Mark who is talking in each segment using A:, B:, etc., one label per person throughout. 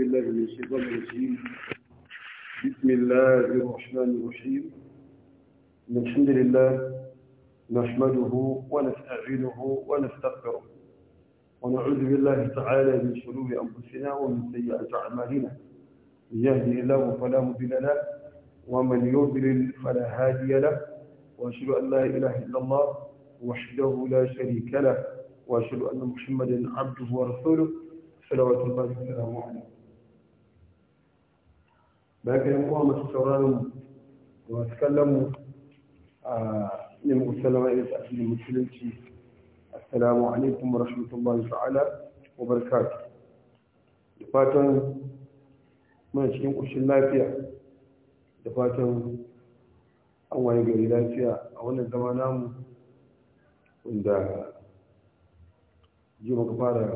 A: بالله من الشيطان الرجيم بسم الله الرحمن الرحيم الحمد لله نحمده ونستعينه ونستغفره ونعوذ بالله تعالى من شرور أنفسنا ومن سيئات أعمالنا من يهده الله فلا مضل له ومن يضلل فلا هادي له وأشهد أن لا إله إلا الله وحده لا شريك له وأشهد أن محمدا عبده ورسوله صلوات الله وسلامه عليه bayan yan kuma masu sauraron da masu kallon mu a ilimin salama ilis addinin musulunci assalamu alaikum wa rahmatullahi ta'ala wa barakatu da fatan mai cikin kushin lafiya da fatan an waye gari lafiya a wannan zama namu wanda ji muka fara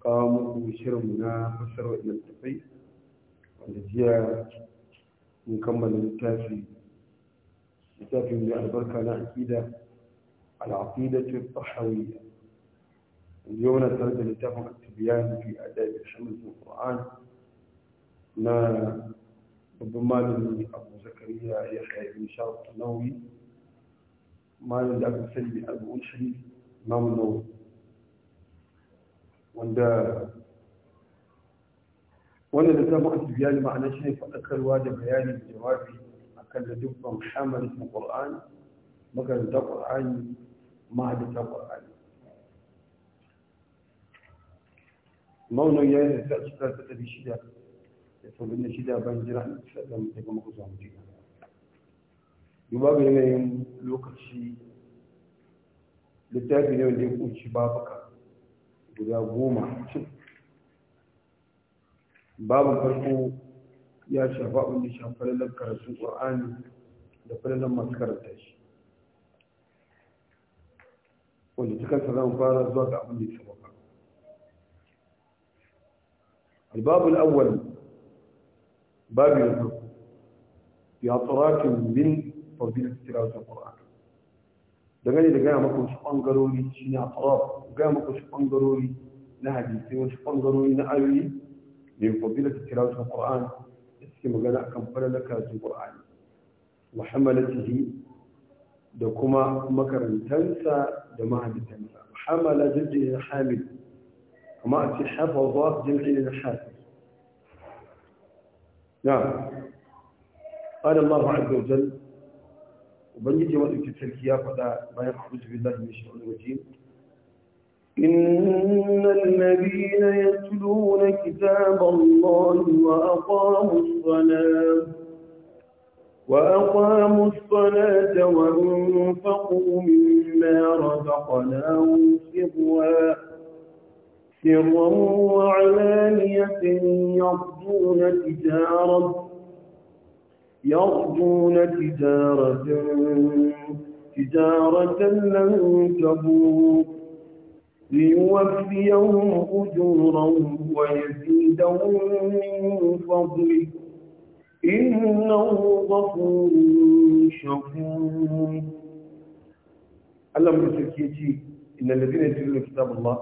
A: kawo muku shirinmu na fasarwa ilimin tafai wanda jiya mun kammala littafi littafi mai albarka na aƙida al'aƙida ce tsahawiyya yau na tare da littafin atibiyani fi adabi shamsin qur'an na babban malami abu zakariya ya haifi shafi nauyi malin da aka sani abu ushri mamu nauyi wanda wannan da zama a ne ma'ana shi ne faɗakarwa da bayani da jawabi a kan da hamar hamarin na makaranta makarantar ma da ta maunin ya yi da ta cikin ta ɗari shida da sabbin da shida ban jira a sallan daga makusa mutum duba ga yanayin lokaci littafi ne wanda ya kunci babuka guda goma cikin babu farko ya shafa abin da shafa lallan karatun ƙwa'ani da falalan masu karanta shi wanda cikinsa zan fara zuwa ga abin da ya shafa sabaka albabul awwal babu ya farko ya tsarakin min fadilar tiratun ƙwa'an dangane da gaya maka wasu ɓangarori shi ne a tsarar gaya maka wasu ɓangarori na hadisai wasu ɓangarori na ayoyi من فضيلة تلاوة القرآن اسكي مغانا كم فللك القرآن وحملته دكما مكر تنسى دماء تنسى وحمل جلده حامل كما أتي حفظ جلده حافظ نعم قال الله عز وجل وبنجي وقت التركيا فدا ما يخرج بالله من الشيطان الرجيم
B: إن الذين يتلون كتاب الله وأقاموا الصلاة وأقاموا الصلاة وأنفقوا مما رزقناهم سروا سرا وعلانية يرجون تجارة يرجون تجارة تجارة لن تبور ليوفيهم أجورهم ويزيدهم من فضله إنه غفور شكور Allah mulki ya ce
A: inna ladina yatluna kitaballah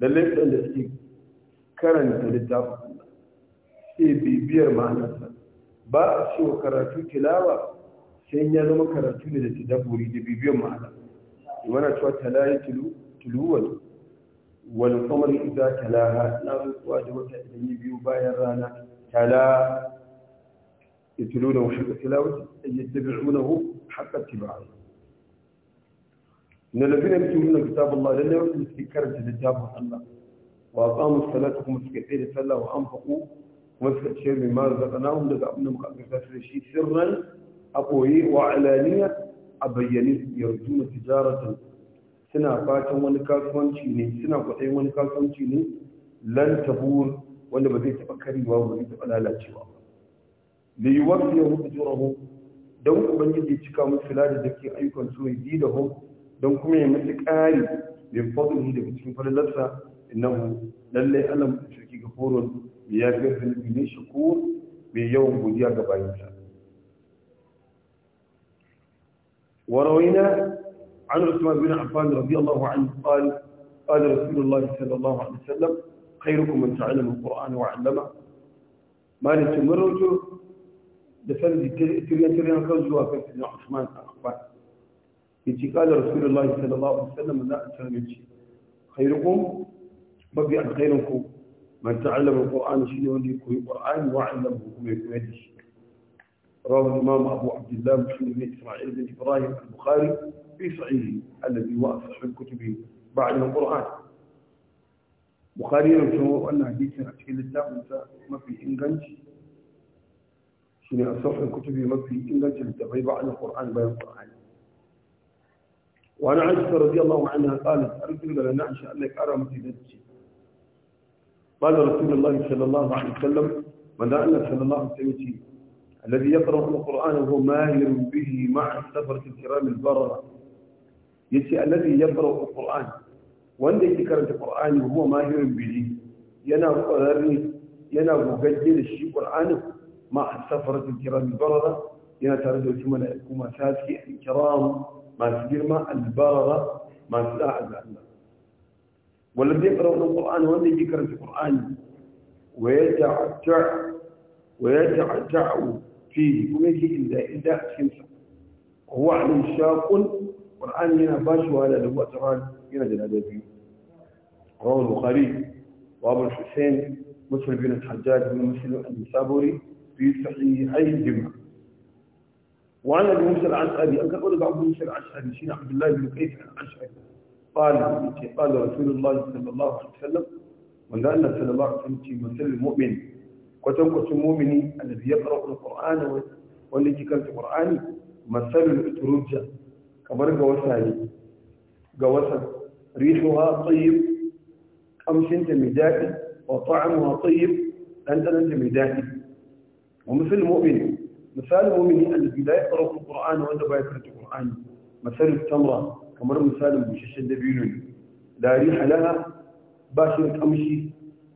A: lalle dan da suke karanta littafin Allah sai bibiyar ma'anarsa ba a cewa karatu tilawa sai ya zama karatu ne da tadabburi da bibiyar ma'ana wannan cewa talayatu tuluwan والقمر إذا تلاها talaha na rantsuwa da wata تلا ya biyo يتلونه حق تلاوته أي يتبعونه حق اتباعه إن الذين يتلون كتاب الله لن يؤمن في كرة كتاب الله وأقاموا الصلاة ومسكتين صلى وأنفقوا ومسكت شيء مما رزقناهم لذعبنا مقابلات
B: الشيء سرا
A: أقوي وعلانية أبيني يرجون تجارة suna fatan wani kasuwanci ne suna kwatsayin wani kasuwanci ne lan tabur wanda ba zai taɓa karewa ba zai taɓa lalacewa ba da yi wasu da hudu don cika musu lada da ke ayyukan su mai bi da hu don kuma ya musu ƙari bin fadli daga cikin falalarsa innahu lallai ana mutu shirki ga horon mai ya fi halibi ne shakur mai yawan godiya ga bayansa warawaina عن عثمان بن عفان رضي الله عنه قال قال رسول الله صلى الله عليه وسلم خيركم من تعلم القرآن وعلمه ما لتمرجوا لسند تريان تريان كوزوا في عثمان عفان يتي قال رسول الله صلى الله عليه وسلم لا أتعلم خيركم بقي خيركم من تعلم القرآن شنو اللي يكون القرآن وعلمه ويكون يدش رواه الإمام أبو عبد الله محمد بن إسماعيل بن إبراهيم البخاري في صحيح الذي هو أصح الكتب بعد القرآن بخاري رسول أن حديث أشكال التاب ما في إنجنج شنو أصح الكتب ما في إنجنج لتبعي بعد القرآن بين القرآن وأنا عائشة رضي الله عنها قالت أرسل لنا إن شاء الله أرى مسجدتي قال رسول الله صلى الله عليه وسلم من أنا صلى الله عليه وسلم الذي يقرأ القرآن وهو ماهر به مع السفرة الكرام البررة yace annabi ya yaqra'u Qur'an wanda yake karanta qur'ani huwa mahirin bihi yana qurani yana gogagge da shi qur'anin ma asfaratul kiram barara yana tare da wasu mala'iku masu haske alkiram masu girma al-barara masu da'a ga Allah wanda zai karanta qur'ani wanda yake karanta qur'ani wa yata'ta wa yata'ta fi kuma yake inda inda cikin sa huwa alim shaqun القرآن لنا باش وهذا لهو أتران ينزل أدبي رواه البخاري وابو الحسين مسلم بن الحجاج بن مسلم النسابوري في صحيح أي جمع
B: وعن أبي موسى الأشعري
A: أنك قول بعض موسى الأشعري شين عبد الله بن كيف الأشعري قال قال رسول الله صلى الله عليه وسلم من قال صلى الله عليه وسلم مثل المؤمن وتوقع المؤمن الذي يقرأ القرآن والذي كانت القرآن مثل الأترجة kamar ga wasa ne ga wasa rihuha tayyib kamshinta mai daɗi wa ta'amuha tayyib ɗanɗananta mai daɗi wa misal mu'min misal mu'mini allazi la yaqra al-qur'an wanda bai karanta qur'ani misal tamra kamar misalin bushashin dabino ne da riha laha ba shi kamshi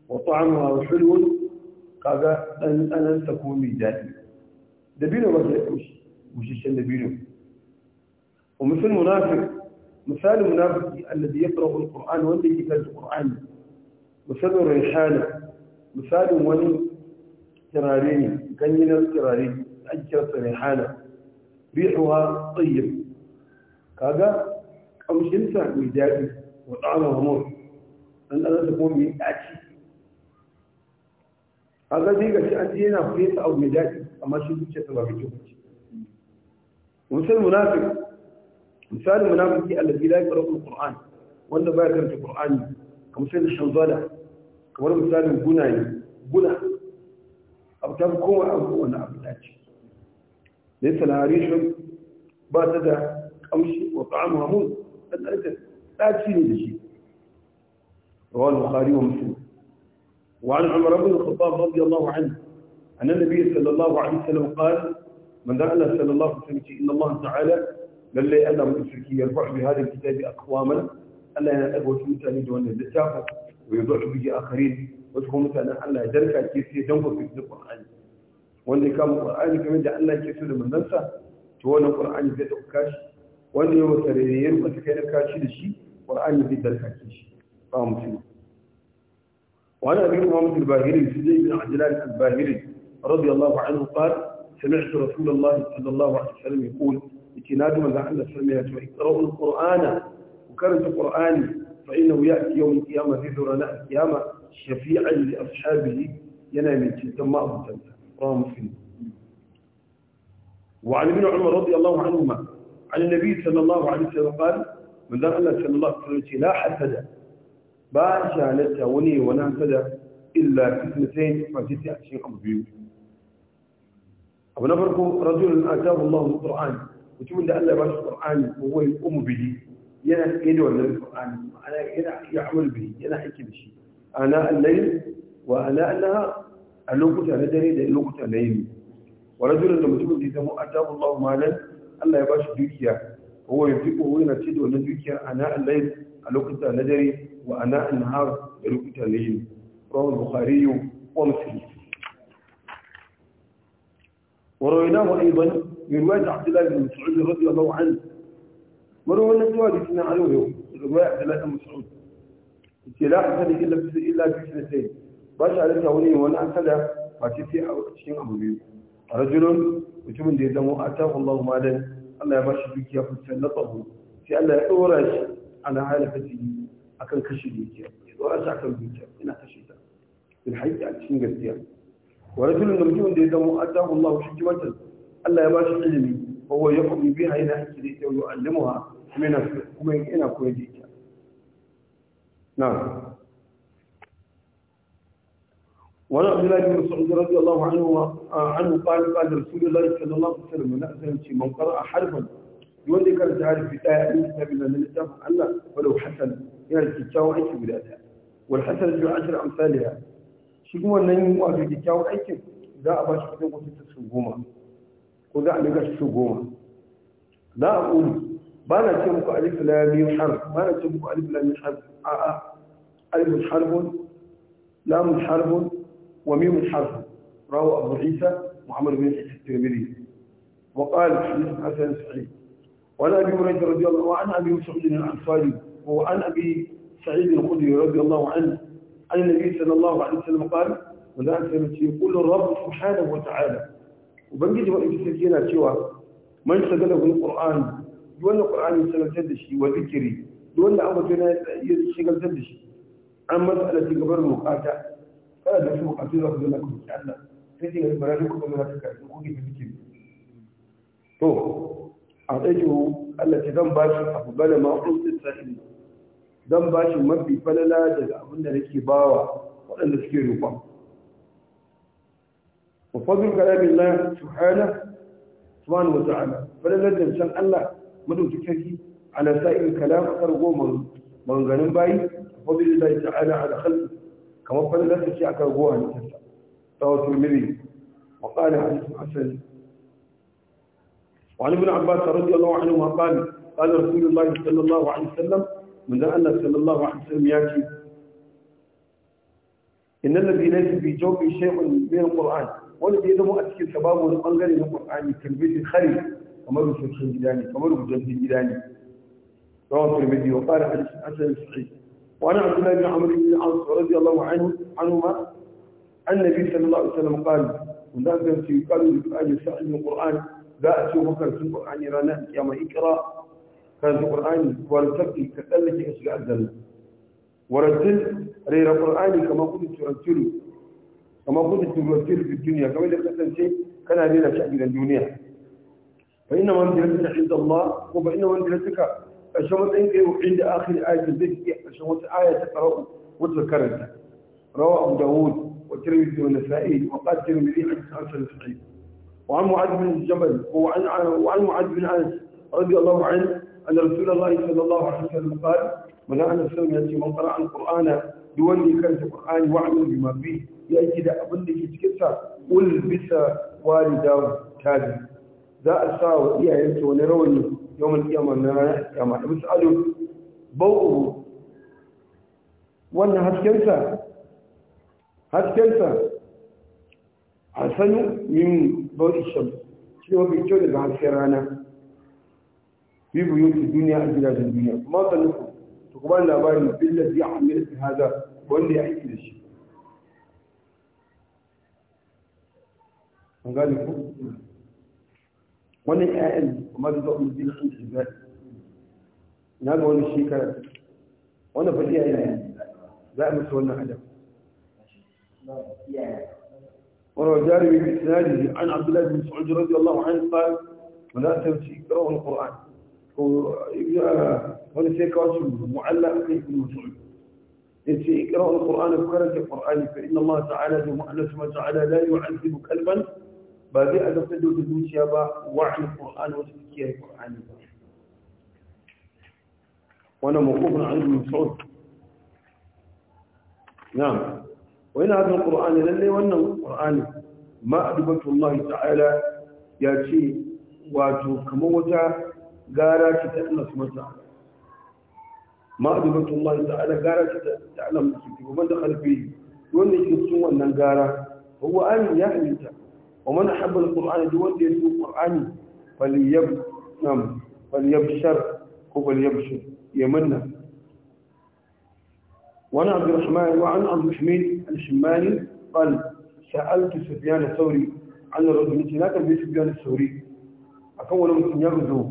A: wa ta'amuha wa hulwun kaga ɗanɗananta ko mai daɗi dabino ba shi da kamshi bushashin dabino ومثل المنافق مثال المنافق الذي يقرأ القرآن والذي يتلقى القرآن مثال الريحانة مثال ولي ترارين كنين الترارين أجرة الريحانة ريحها طيب كذا أمشنسا مجادي وطعمه همور أن أنا تكون بأتي هذا ديك أنت هنا فريسة أو مجادي أما شو تشتبه بجوبتي ومثل المنافق مثال منامك الذي لا يقرأ القرآن ولا باكر في القرآن كما سيد الشنظالة كما رب مثال بنا بنا أو تبكوا أو بنا أبداك ليس العريشم بعد ذا أمشي وطعمها هون أن أنت لا تسيني لشيء رواه البخاري ومسلم وعن عمر بن الخطاب رضي الله عنه أن النبي صلى الله عليه وسلم قال من دعنا صلى الله عليه وسلم إن الله تعالى lalle Allah mutu sarki ya rufa bi hadin kitabi aqwaman Allah yana daga wasu mutane da wannan littafin wa yadhu bi akharin wasu kuma mutanen Allah ya darka ke sai dan ku fi Qur'ani wanda kama Qur'ani kamar da Allah ke so da manzansa to wannan Qur'ani zai dauka shi wanda ya wata rayuwar ta kai da kashi da shi Qur'ani zai darka ke shi ba mutum وعن أبي أمامة الباهري سيدي بن عبد الله الباهري رضي الله عنه قال سمعت رسول الله صلى الله عليه وسلم يقول لكنادي ماذا عنا سلم يا جماعي اقرأوا القرآن وكرت القرآن فإنه يأتي يوم القيامة ذذر لا القيامة شفيعا لأصحابه ينام جدا ما أبتل رام فيه وعن ابن عمر رضي الله عنهما عن النبي صلى الله عليه وسلم قال من ذا الله صلى الله عليه وسلم لا حسد با جالت وني ولا حسد إلا كثنتين فجدت أشيء أبو بيوت أبو نفركم رجل آتاه الله القرآن mutumin da Allah ba shi Qur'ani ko wai umu bihi yana tsaye da wannan Qur'ani ma'ana yana ya amal bihi yana aiki da shi ana al-layl wa ana annaha a lokuta na dare da lokuta na yini wa rajulun da mutumin da ya zama atabu Allah malan Allah ya ba shi dukiya ko ya fiko ko yana ce da wannan dukiya ana al-layl a lokuta na dare wa ana an-nahar da lokuta na yini rawahu al-bukhari wa muslim ورويناه أيضا من رواية عبد الله بن مسعود رضي الله عنه مروى النبي والدنا عليه يوم رواية عبد الله بن مسعود لا حسن إلا إلا بسنتين باش على تاوني وانا أكلا فاتيتي أو أشين أبو بيو رجل وتمن دي دمو أتاه الله مالا الله يباشر بك يا فتن لطه في الله يورش على فتي أكن كشي بيك يورش أكن بيك إنا كشيتا في الحقيقة أشين قلت ورجل نمجون دي دمو أتاه الله شكي الله ya علمي ilimi wa بها yaqbi biha ila من da yu'allimuha min kuma yana وعن عبد الله بن مسعود رضي الله عنه عنه قال قال رسول الله صلى الله عليه وسلم لا أزلت من قرأ حرفا يولي كان تعرف في آية من كتاب الله من كتاب الله ولو حسن يعني كتاب أيك بلادها والحسن في عشر أمثالها شكما أن يوافي كتاب أيك ذا أباش كتاب وتتسوهما ko za a daga shi goma za a ƙuri ba na ce muku alif lamin harf ba na ce muku alif lamin harf a a alifun harfun lamun harfun wa mimun harfun rawu abu isa muhammad bin isa tirmidhi wa qala hadith hasan sahih wa la bi hurayra radiyallahu anhu an abi sa'id al-ansari wa an abi sa'id al-khudri radiyallahu anhu عن النبي صلى الله عليه وسلم قال وذلك يقول الرب سبحانه وتعالى ubangiji maɗauki sarki yana cewa man shagala gun ƙur'an wanda ƙur'ani shagaltar da shi wa zikiri wanda an mutu na ya shagaltar da shi an matsala ci gabar bukata kada da su bukatu za ku zana ku ci Allah sai ce gari barari ku zana ta karfi ku gina zikiri to a ɗauke Allah ce zan bashi abu bala ma sai sa'ili zan bashi mafi falala daga abin da nake bawa waɗanda suke roƙon وفضل كلام الله سبحانه سبحانه وتعالى فلا إن شان الله مدو تكفي على سائر الكلام أرجو من من غنم باي فضل الله تعالى على خلقه كما فضل الله تشيء أرجوها نتسع رواه المري وقال حديث حسن وعن ابن عباس رضي الله عنهما قال قال رسول الله صلى الله عليه وسلم من أن صلى الله عليه وسلم ياتي إن الذي ليس في جوفه شيء من القرآن wanda da ya zama a cikin sa babu wani bangare na qur'ani talbisin khari kamar rubutun gida ne kamar rubutun gida ne
B: رواه الترمذي
A: وقال حديث حسن صحيح وعن عبد الله بن عمرو بن العاص رضي الله عنه عنهما عن النبي صلى الله عليه وسلم قال هناك يقال لسؤال سعد من القران لا اشوف بكر في القران رانا يا ما اقرا كان في القران ورتقي كذلك اسال الجنه ورتل غير القران كما قلت ترتل كما قلت تمثل في الدنيا كما إذا لك شيء كان علينا شأن من الدنيا فإن منزلتك عند الله وفإن منزلتك الشمس إنك عند آخر آية الذكر الشمس آية تقرأ وتذكرها روى أبو داود والترمذي والنسائي وقال الترمذي عن حسن الصحيح وعن معاذ بن الجبل وعن وعن معاذ بن انس رضي الله عنه ان رسول الله صلى الله عليه وسلم قال من انس ياتي من قرأ القرآن duwanda wanda ya karanta Qur'ani wa amin bima fi ya yi da abin da ke cikin sa ul bisa walida tabi za a sa wa iyayensa wani rawani yawon kiyama na ya ma da misalin bau'u wannan haskensa haskensa a sanu min bau'u sham shi mafi kyau daga hasken rana bibu yau duniya a gidajen duniya kuma ta nufi kuma labarin billahi ya da hada wanda ya aiki da shi an gane ku wani ayyan kuma da zuwa mutum sun ci zai na ga wani shekara wannan fa iyaye ne za a musu wannan adam وروى جاري بإسناده عن an abdullahi بن مسعود radiyallahu الله عنه قال ولا تمشي اقرأوا القرآن ko wani sai kawo su mu'alla a kan ibn mas'ud yace iqra al-qur'an ka karanta qur'ani fa inna Allah ta'ala bi mu'alla sama ta'ala la yu'azibu kalban ba zai azabta da zuciya ba wa al-qur'an wa tafkiyar ba wannan mawqufun an ibn mas'ud na'am wa ina hadha al-qur'an wannan qur'ani ma adbatu Allah ta'ala ya ce wato kamar wata غارك تعلم سبحانه ما أدبت الله تعالى غارك تعلم سبحانه ومن دخل فيه دون يجسوا أن غارة هو أن يعني ومن أحب القرآن دون يجسوا القرآن فليبشر هو فليبشر يمنى وعن عبد الرحمن وعن عبد الحميد الشماني قال سألت سفيان الثوري عن الرجل لا في سفيان الثوري أكون من يغزو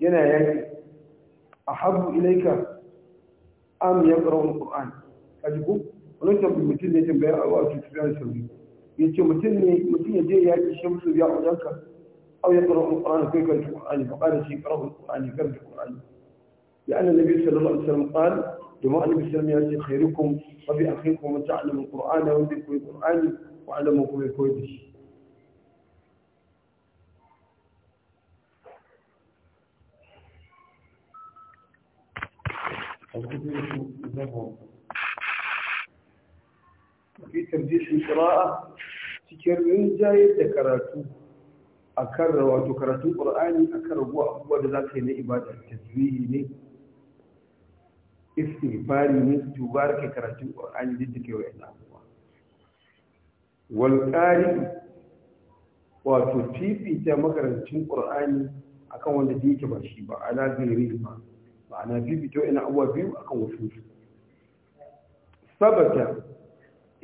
A: yana yaki ahabbu ilaika am yaqra'u alquran a ko wani tabbin mutum ne tambaya a wa tufiyan ya ce mutum ne mutum ya je yaki shamsu ya udanka aw yaqra'u alquran kai kan alquran ya qala shi qara'u ya kan alquran ya ana nabi sallallahu alaihi wasallam qala domin annabi sallallahu alaihi wasallam ya ce khairukum wa bi akhikum ta'lamu alquran wa bi kulli alquran wa alamu kulli kulli الغدير زهو في ترجيح القراءة تكرر جاية كراتو أكرر واتو da قرآني أكرر هو أبوى ذاته لإبادة التزويه لي استغفاري من تبارك كراتو والقارئ ƙur'ani akan wanda da yake ba shi ba ala gairi ba معنى بيبي تو انا اوا بيو اكو وفوش ثبت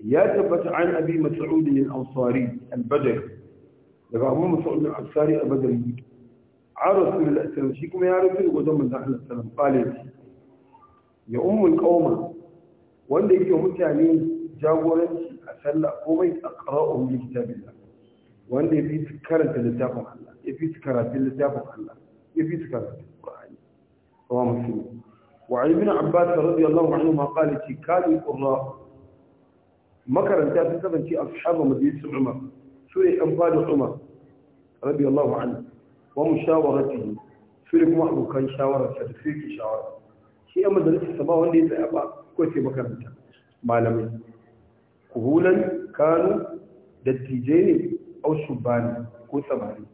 A: يا ثبت عن ابي مسعود الانصاري البدر لما هو مسعود الانصاري البدر عرس من الاسلام شيكم يا رسول وزم من داخل السلام قال يا ام القوم وان ده يكون متاني جاورن اسلا قومي اقراهم لكتاب الله وان ده يفي سكرت لتابع الله يفي سكرت لتابع الله يفي سكرت وهو مسلم وعلي بن عباس رضي الله عنهما قال في كاد القراء مكر انت تتبن في اصحاب مدينه عمر سوء انفال عمر رضي الله عنه ومشاورته فيكم واحد كان شاور في شاور في مدرسه سبا وندي ابا كوتي مكر انت معلمين قبولا كانوا دتيجين او شبان كو سبعين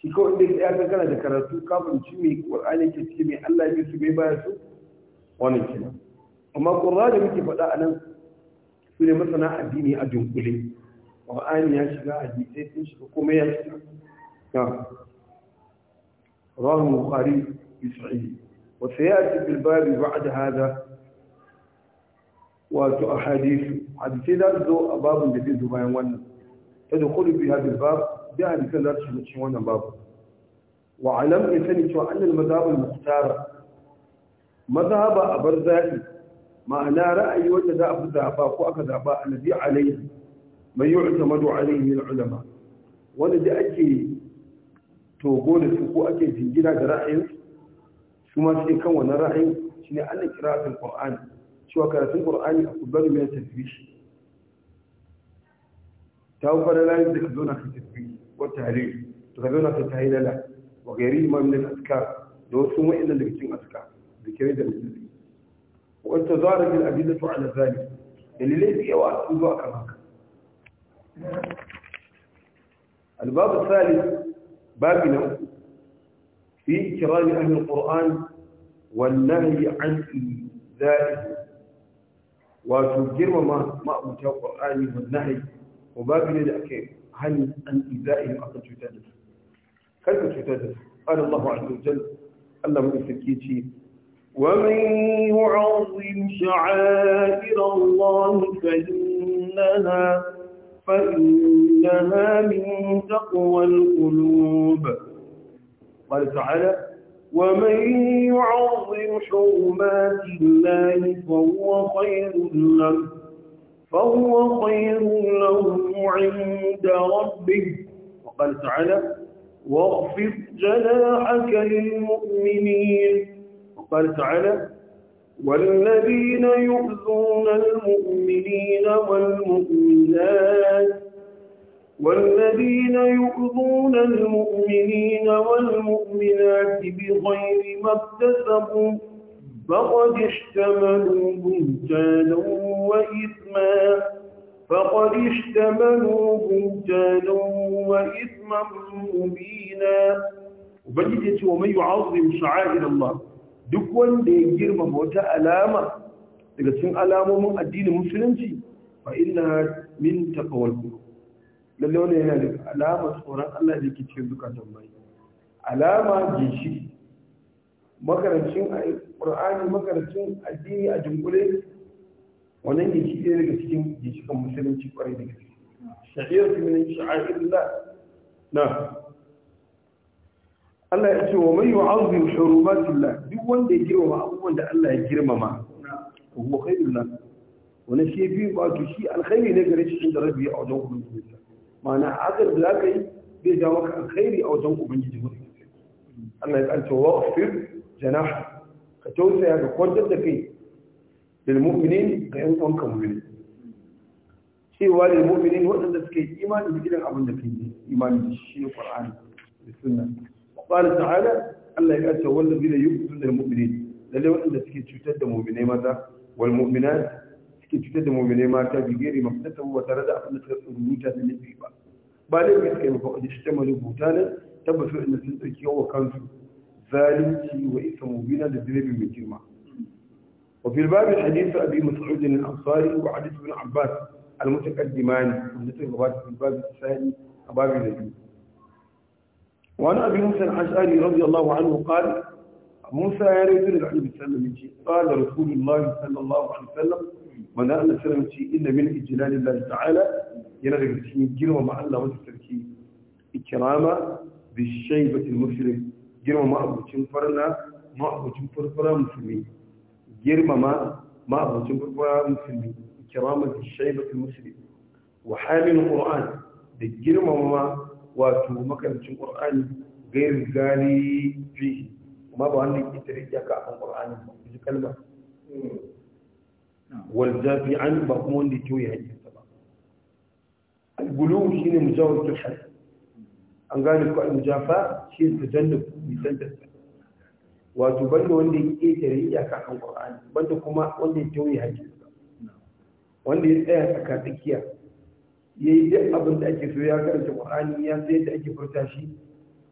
A: shi ko inda ya ga kana da karatu kafin ci mai qur'ani ke ci mai Allah ya ci mai baya su wannan kina amma qur'ani da muke faɗa anan su ne masana addini a dunkule qur'ani ya shiga hadisi sun shiga kuma ya shiga ya rawahu bukhari bi sahih wa sayati bil bab ba'da hada wato ahadith hadisi da zo a babun da zai zo bayan wannan tadkhulu bi hadha al bab bi da za su shiga cikin wannan babu wa alam ya sani cewa annal mazhabul muhtar mazhaba a bar zaɓi ma'ana ra'ayi wanda za a fi zaɓa ko aka zaɓa alladhi alayhi man yu'tamadu alayhi min ulama wanda da ake togo da su ko ake jingina da ra'ayin su ma sai kan wannan ra'ayin shine Allah kira'atul Qur'ani cewa karatun Qur'ani a kubbaru mai tasbihi ta fara layin da ka zo na ka tasbihi والتهليل تكبرنا في التهيل له وغيرهما من الأذكار دون سوء إلا لكتين أذكار من الأذكار وأنت ظارج الأدلة على ذلك اللي ليس يوأت أدواء كما الباب الثالث بابنا في كرام أهل القرآن والنهي عن ذلك وتجرم ما ما أبتوى القرآن والنهي وبابنا لأكيد عن an iza'ihim akan cutar da su قال الله عز وجل اللهم يسكيتي
B: ومن يعظم شعائر الله فإنها فإنها من تقوى القلوب قال تعالى ومن يعظم حرمات الله فهو خير له فهو خير له عند ربه وقال تعالى واغفر جناحك للمؤمنين وقال تعالى والذين يؤذون المؤمنين والمؤمنات والذين يؤذون المؤمنين والمؤمنات بغير ما اكتسبوا فقد اشتملوا بهتانا وإثما فقد اشتملوا بهتانا وإثما مبينا وبجد ومن يعظم شعائر الله duk wanda ya girmama wata
A: alama daga cikin alamomin addinin musulunci fa inna min taqwal qulub lalle wannan yana da alama tsoron Allah da yake cikin zukatan bai alama gishi makarancin Qur'ani makarancin addini a dunkule wannan ne shi ɗaya daga cikin ginshikan musulunci kwarai da gaske
B: sha'ir fi min sha'airillah
A: na Allah ya ce wa mai yu'azzim hurumatillah duk wanda ya girmama abubuwan da Allah ya girmama huwa khairul nas wannan shi bi ba to shi alkhairi ne gare shi inda rabbi ya wajen ubangiji ma'ana azar da zaka yi zai ja maka alkhairi a wajen ubangiji Allah ya ce wa fir janah ka tausaya ga kwadar da kai lilmu'minin ga yan cewa lilmu'minin waɗanda suke imani da irin abin da kai imani shi ne Qur'ani da Sunna qala ta'ala Allah ya ce wallazina yu'minuna lilmu'minin lalle waɗanda suke cutar da mu'minai maza wal mu'minat suke cutar da mu'minai mata bi gairi mafsata wa tare da abin da suka rubuta da nufi ba ba dai ne suka yi mafa wajen shi ta marubuta ne tabbas waɗanda sun ɗauki yawa kansu zalunci wa isa mubina da zunubi mai girma وفي الباب حديث أبي مسعود الأنصاري وحديث ابن عباس المتقدمان حديث في الباب الثاني باب النبي وعن أبي موسى الأشعري رضي الله عنه قال موسى يا رجل العلم وسلم قال رسول الله صلى الله عليه وسلم من أن السلام إن من إجلال الله تعالى ينرغب سين جنوى مع الله وتسركي إكرامة بالشيبة المسلم جنوى مع أبو تنفرنا مع أبو تنفر مسلمين جرمما ما هو جمهور مسلم كرامة الشيبة المسلم وحامل القرآن جرمما واتو مكان القرآن غير غالي فيه وما بو عندي يترجع كعن القرآن إذا كلمة والذات عن بقمون دي توي هاي السبب القلوب شين مجاور كل حد أنقال لكم المجافة شين تجنب يسند wato banda wanda ya ƙetare iyaka kan Qur'ani banda kuma wanda ya tauye haƙƙinsa wanda ya tsaya tsaka tsakiya ya yi duk abin da ake so ya karanta Qur'ani ya san yadda ake furta shi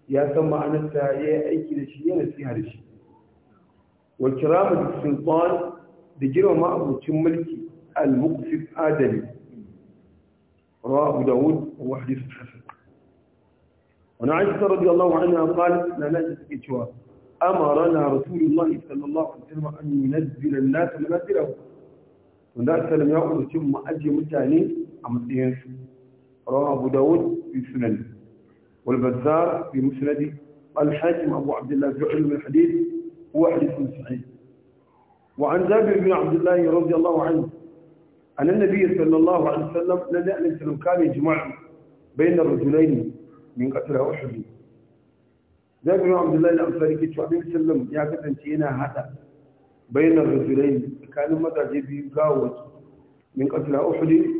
A: ya san ma'anarsa ya yi aiki da shi ya nasiha da shi wa kiramatu sultan da girmama abucin mulki al muqsid adali rawahu dawud wa hadith hasan wa na'isha radiyallahu na qalat da suke cewa. أمرنا رسول الله صلى الله عليه وسلم أن ينزل الناس منازله والناس لم يأخذ ثم أجي متعني أم تيانس رواه أبو داود في سنن والبزار في مسنده. الحاكم أبو عبد الله في علم الحديث هو حديث صحيح وعن جابر بن عبد الله رضي الله عنه أن النبي صلى الله عليه وسلم لدى أن السلام كان يجمع بين الرجلين من قتل أحده jabir abdullahi da amsari ke cewa ɗin sallam ya kasance yana haɗa bayanan rasulai tsakanin mazaje biyu gawawaki min ƙasila uhudi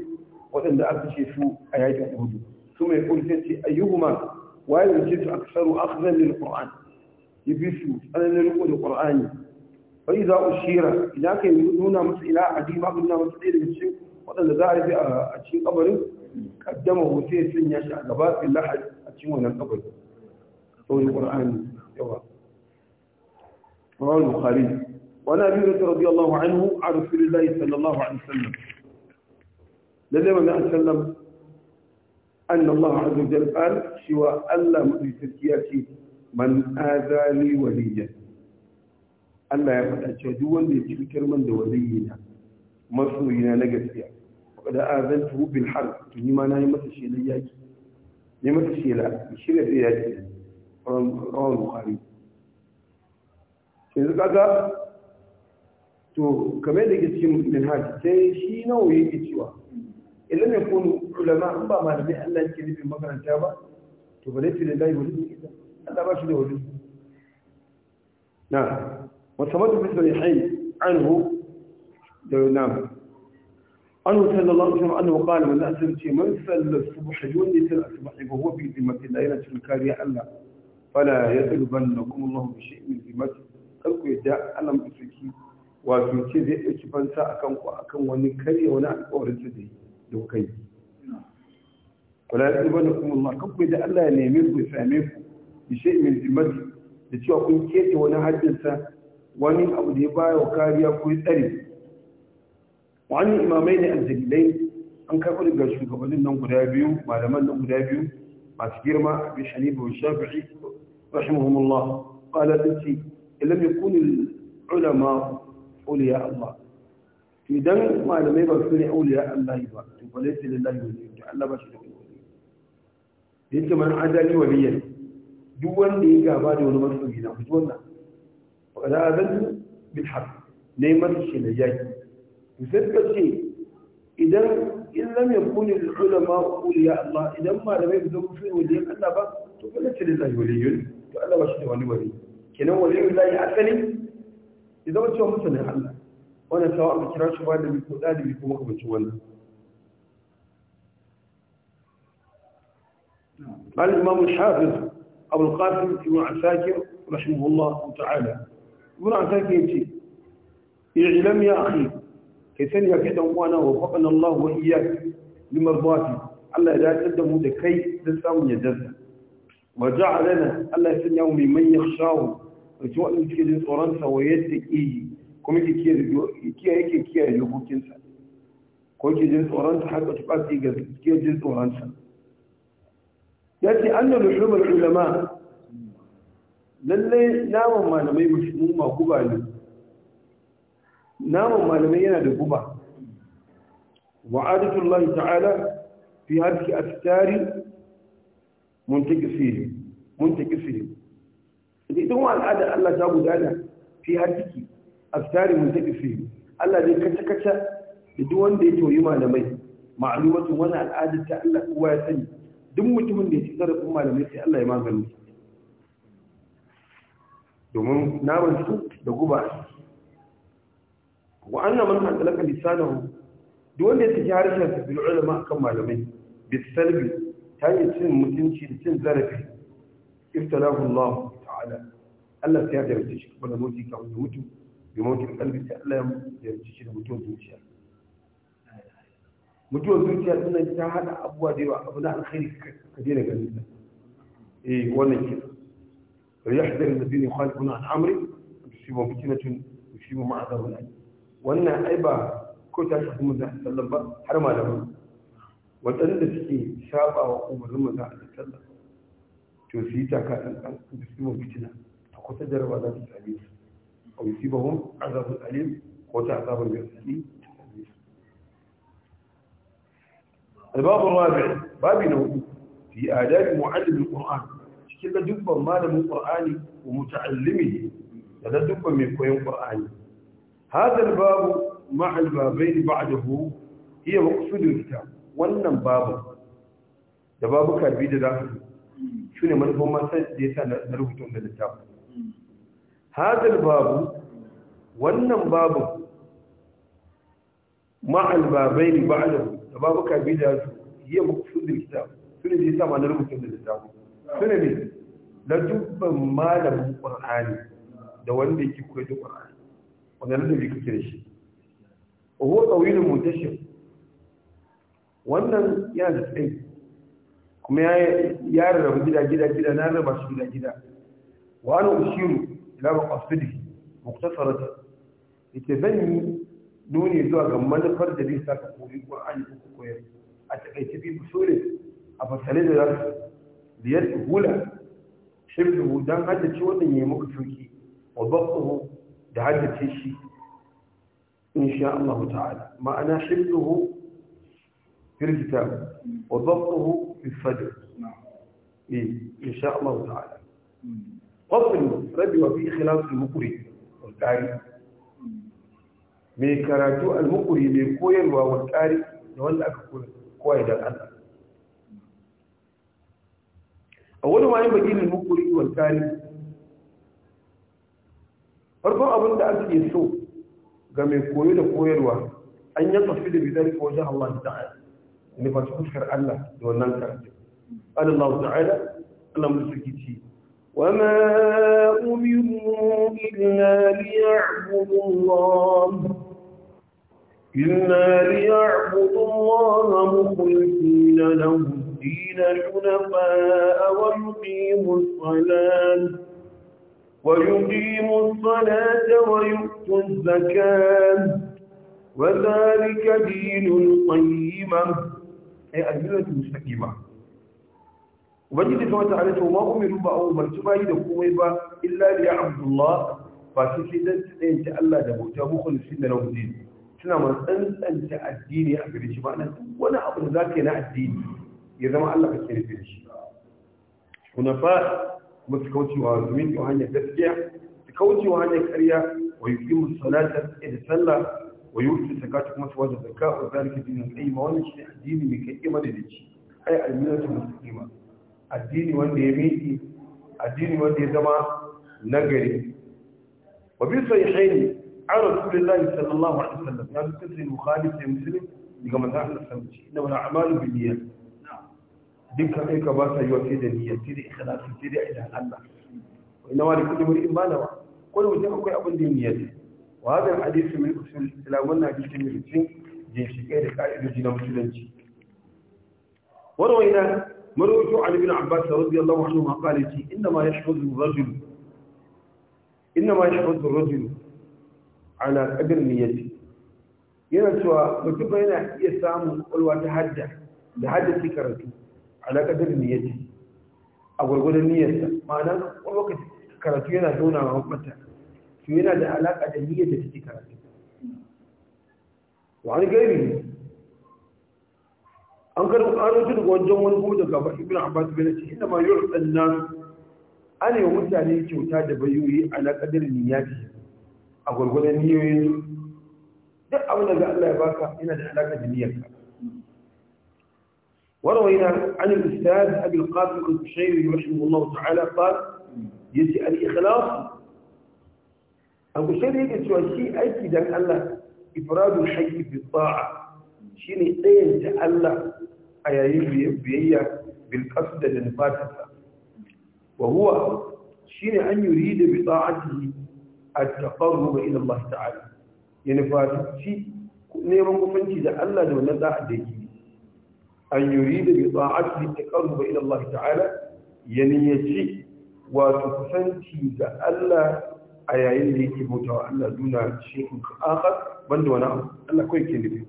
A: waɗanda aka ce su a yakin uhudu su mai ƙulce ce ayyuhuma waye ce su aksaru akhzan lil qur'an yibisu tsananin riko da qur'ani fa idza ushira idan kai nuna musu ila adima nuna musu ɗaya daga cikin waɗanda za a rufe a cikin kabarin kaddama hoto ya sanya shi a gaba fil lahad a cikin wannan kabarin طول القرآن رواه البخاري وأنا أبي رضي الله عنه عن رسول الله صلى الله عليه وسلم لدي من أن سلم أن الله عز وجل قال سوى ألا مؤذي من آذى لي وليا ألا يقول أجدوا لي تذكر من دولينا مرسولنا نقف فيها وقد آذنته بالحرب تنمى لم الشيء لياك لم الشيء لا الشيء لياك رواه البخاري yanzu kaga to kamar da ke cikin minhaj sai shi nawa yake cewa idan ya kunu ulama in ba malamai Allah yake nufin makaranta ba to ba laifin lillahi wa lillahi Allah ba shi da wani na wata mata fi sahihai anhu da nam anhu sallallahu alaihi wa sallam qala man aslam ce man salla subh junni sal asbah wa huwa bi dhimmati Allah yana cikin kariya Allah fala ya tsirban na kuma Allahun shi min zimati kan ku yadda Allah mai tsaki wato ce zai ɗauki fansa a kan ku akan wani karya wani alƙawarin su da da kuka yi fala ya tsirban na kuma Allah kan ku yadda Allah ya neme ku same ku bishi min zimati da cewa kun kete wani hajjinsa wani abu da ya baya wa kariya ko ya tsare wani imamai ne aljilai an kafa daga shugabannin nan guda biyu malaman nan guda biyu masu girma abin hanifa wa shafi'i رحمهم الله قال بنتي إن لم يكون العلماء أولياء الله إذا ما لم يبقى في أولياء الله وليس لله ولي الله بشر يكون ولي يجب من عدالي وليا دون لي قابالي ونمسك بنا ولا فقد آذنت بالحق نيمة الشيء جاي يسبب الشيء إذا إن لم يكن العلماء أولياء الله إذا ما لم يبقى في أولياء الله فليس لله ولي to Allah ba قال الإمام الحافظ أبو القاسم ابن عساكر رحمه الله تعالى ابن عساكر يمشي اعلم يا أخي كيسان يا كده وانا وفقنا الله وإياك لمرضاتي الله إذا تقدموا دكي تسام يدزا وجعلنا الله في اليوم من يخشاه وجوء الكيد اورانسا ويت اي كوميتي كير كي اي كي كي يو بوكينسا كوكي جين اورانسا حتى تبقى كي جين اورانسا ياتي ان لحوم العلماء للي نام ما لم يمشي ما غبا نام ما لم ينا دغبا وعادة الله تعالى في هذه الأفكار منتج فيه muntakisihim idan wa al'ada Allah ta gudana fi mun aftari muntakisihim Allah zai kace kace da duk wanda ya toyi malamai ma'lumatun wani al'ada ta Allah kowa ya sani duk mutumin da ya ci zarafin malamai sai Allah ya magani domin naman su da guba wa annan man hadalaka lisanahu duk wanda ya saki harshen sa bil ulama kan malamai bisalbi ta yi cin mutunci da cin zarafi ابتلاه الله تعالى ألا سيادة يتشك من موتك أو يموت بموت القلب تألم يتشك يموت الدنيا موتو الدنيا أن يتعاد أبوا ديو أبناء الخير كثيرا قليلا إيه ونجل ليحذر الذين يخالفون عن عمري يصيبهم فتنة يصيبهم عذاب الأجل وأن أيبا كنت أشخص من ذلك حرم على من وأن الذي سابع وقوم الرمى ذلك تثيتك المسلمون فتنة فقط جربوا عذاب الأليم أو يصيبهم عذاب الأليم قط عذاب الأليم الباب الرابع باب في آداب معلم القرآن شكل دبا ما لم القرآن ومتعلمه لدى دبا من قيم القرآن هذا الباب مع البابين بعده هي مقصود الكتاب ونم بابه ده بابك البيد داخل shi ne manufan masar da ya sa na rubuta da littafin hadal babu wannan babu ma'al babai ne ba'alahu da babu kabi da su yi muku sun da littafin su ne da ya sa ma na rubuta da littafin su ne ne na dubban malamin ƙwar'ani da wanda ya koyar da ƙwar'ani wanda na da bi kake da shi ko tsawilin mutashir wannan yana da tsayi kuma ya rarraba gida gida gida na raba shi gida gida wa ana ushiru ila maqasidi muktasarat ita zan yi nuni zuwa ga manufar da zai saka koyi qur'ani ko koyar a takaice bi usule a fasale da zasu biyar hula shirku dan haddace wannan yayi muku tuki wa baqtuhu da haddace shi إن شاء الله تعالى معنى حفظه في الكتاب وضبطه الفجر نعم إيه، ان شاء الله تعالى قصد المفرد وفي خلاف المقري والتالي مي كراتو المقري مي كويل واو القاري ده كويل اكو كوير اول ما يجي المقري والتالي فرضوا اظن ده اكو يسو game koyo da koyarwa an yi tafi da bidan kojin ne ba fuskar Allah da wannan karatu Allah ta'ala Allah mu saki ci
B: وما أمروا إلا ليعبدوا الله إلا ليعبدوا الله مخلصين له الدين حنفاء ويقيموا الصلاة ويقيموا الصلاة ويؤتوا الزكاة وذلك دين القيمة أي أجلة مستقيمة وبنجد فوات عليه وما أمروا أو مرتبا يدقوا إبا
A: إلا ليعبد الله فاسسي دنس أنت ألا دبوتا مخل سنة لو دين سنة من أنت أنت الدين يا أبي رجب أنا وأنا أبن ذاك أنا الدين إذا ما الله بسيني في رجب هنا فا مسكوتي وعزمين يوهاني تسجع تكوتي وعزمين كريا ويقيم الصلاة إذا سلّى ويؤتي الزكاة كما سوى الزكاة وذلك دين أي وانا شيء الدين من كيما لديك أي الملة المستقيمة الدين وانا يميتي الدين وانا يزمع نقري وفي صحيحين عن رسول الله صلى الله عليه وسلم يعني كثير المخالف لمسلم لكما نحن نسلم إنما الأعمال بالنيات dukkan aika ba sa yi wa sai da niyya sai da ikhlasi sai da idan Allah inna كل likulli mar'in ma nawa وهذا الحديث من أصول الإسلام والنبي تمرتين جيش غير قائد جنا مسلمتي وروينا مروج عن ابن عباس رضي الله عنهما قال إنما يحفظ الرجل إنما يحفظ الرجل على قدر نيته ينا سوى مكتوب هنا يسام samun kwalwa ta hajja على قدر نيته أقول قول النية niyyati a gwargwadon niyyarsa ma'ana kwalwa to yana da alaka da niyyar da take karatu wa an gairi an karɓi ƙarar daga wajen wani ko daga ba ibn abbas bai ce inda ma yau tsannan an yi mutane kyauta da bayoyi a laƙadar niyyati a gwargwadon niyoyin duk abin da Allah ya baka yana da alaƙa da niyyarka وروينا عن الأستاذ أبي القاسم البشيري رحمه الله تعالى قال يسأل الإخلاص أبو شريه يتوى شيء أكيد أن الله إفراد الحي بالطاعة شيني قيل تألا أيايب يبيي بالقصد للفاتحة وهو شيني أن يريد بطاعته التقرب إلى الله تعالى يعني فاتحة نيرون كفنتي تألا دون نتاعده أن يريد بطاعته التقرب إلى الله تعالى يعني يجي وتفنتي تألا a yayin da yake bauta wa Allah duna shekun akhar banda wani abu Allah kawai ke nufi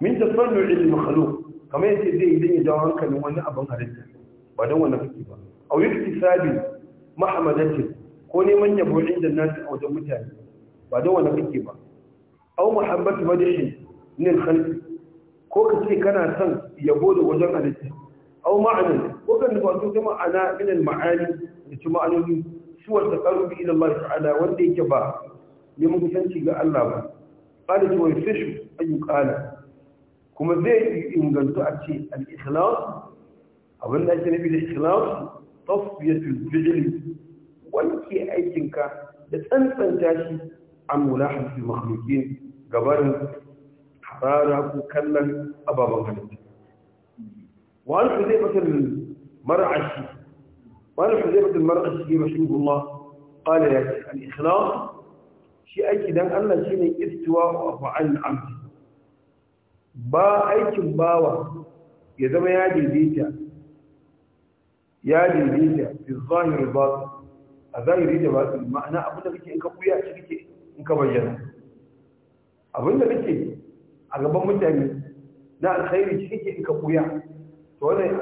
A: min tafannu ilmi makhluq kamar yace zai idan ya jawo hankalin wani abin halitta ba dan wani fiki ba A aw yuktisabi mahamadatin ko neman yabo inda nasu a wajen mutane ba dan wani fiki ba aw muhabbatu madhi lil khalqi ko ka ce kana son yabo da wajen halitta aw ma'anin ko kan nufa to ma'ana min al ma'ani da ci ma'anoni سوال تقرب إلى الله تعالى ودي كبا لما تنسي قال الله با. قال لك يفشو أي قال كما ذي إنجل تأتي الإخلاص أولا أتنا بالإخلاص تصفية الفعل ولكي أي تنكا لتنسى تاشي عن ملاحظة المخلوقين قبارا حرارة وكلا أبا بغلد وأنت ذي مثلا مرعشي وأنا المرأة المرأسي رحمه الله قال يا الإخلاص شيء أكدا أن استوى استواء عن العبد با أي باوة يزم يا جلديتا يا جلديتا في الظاهر الباطن الظاهر يجب المعنى أبدا بك إنك بويا شكك إنك بجنا أبدا بك أغبا متعني لا الخير شكك إنك بويا وأنا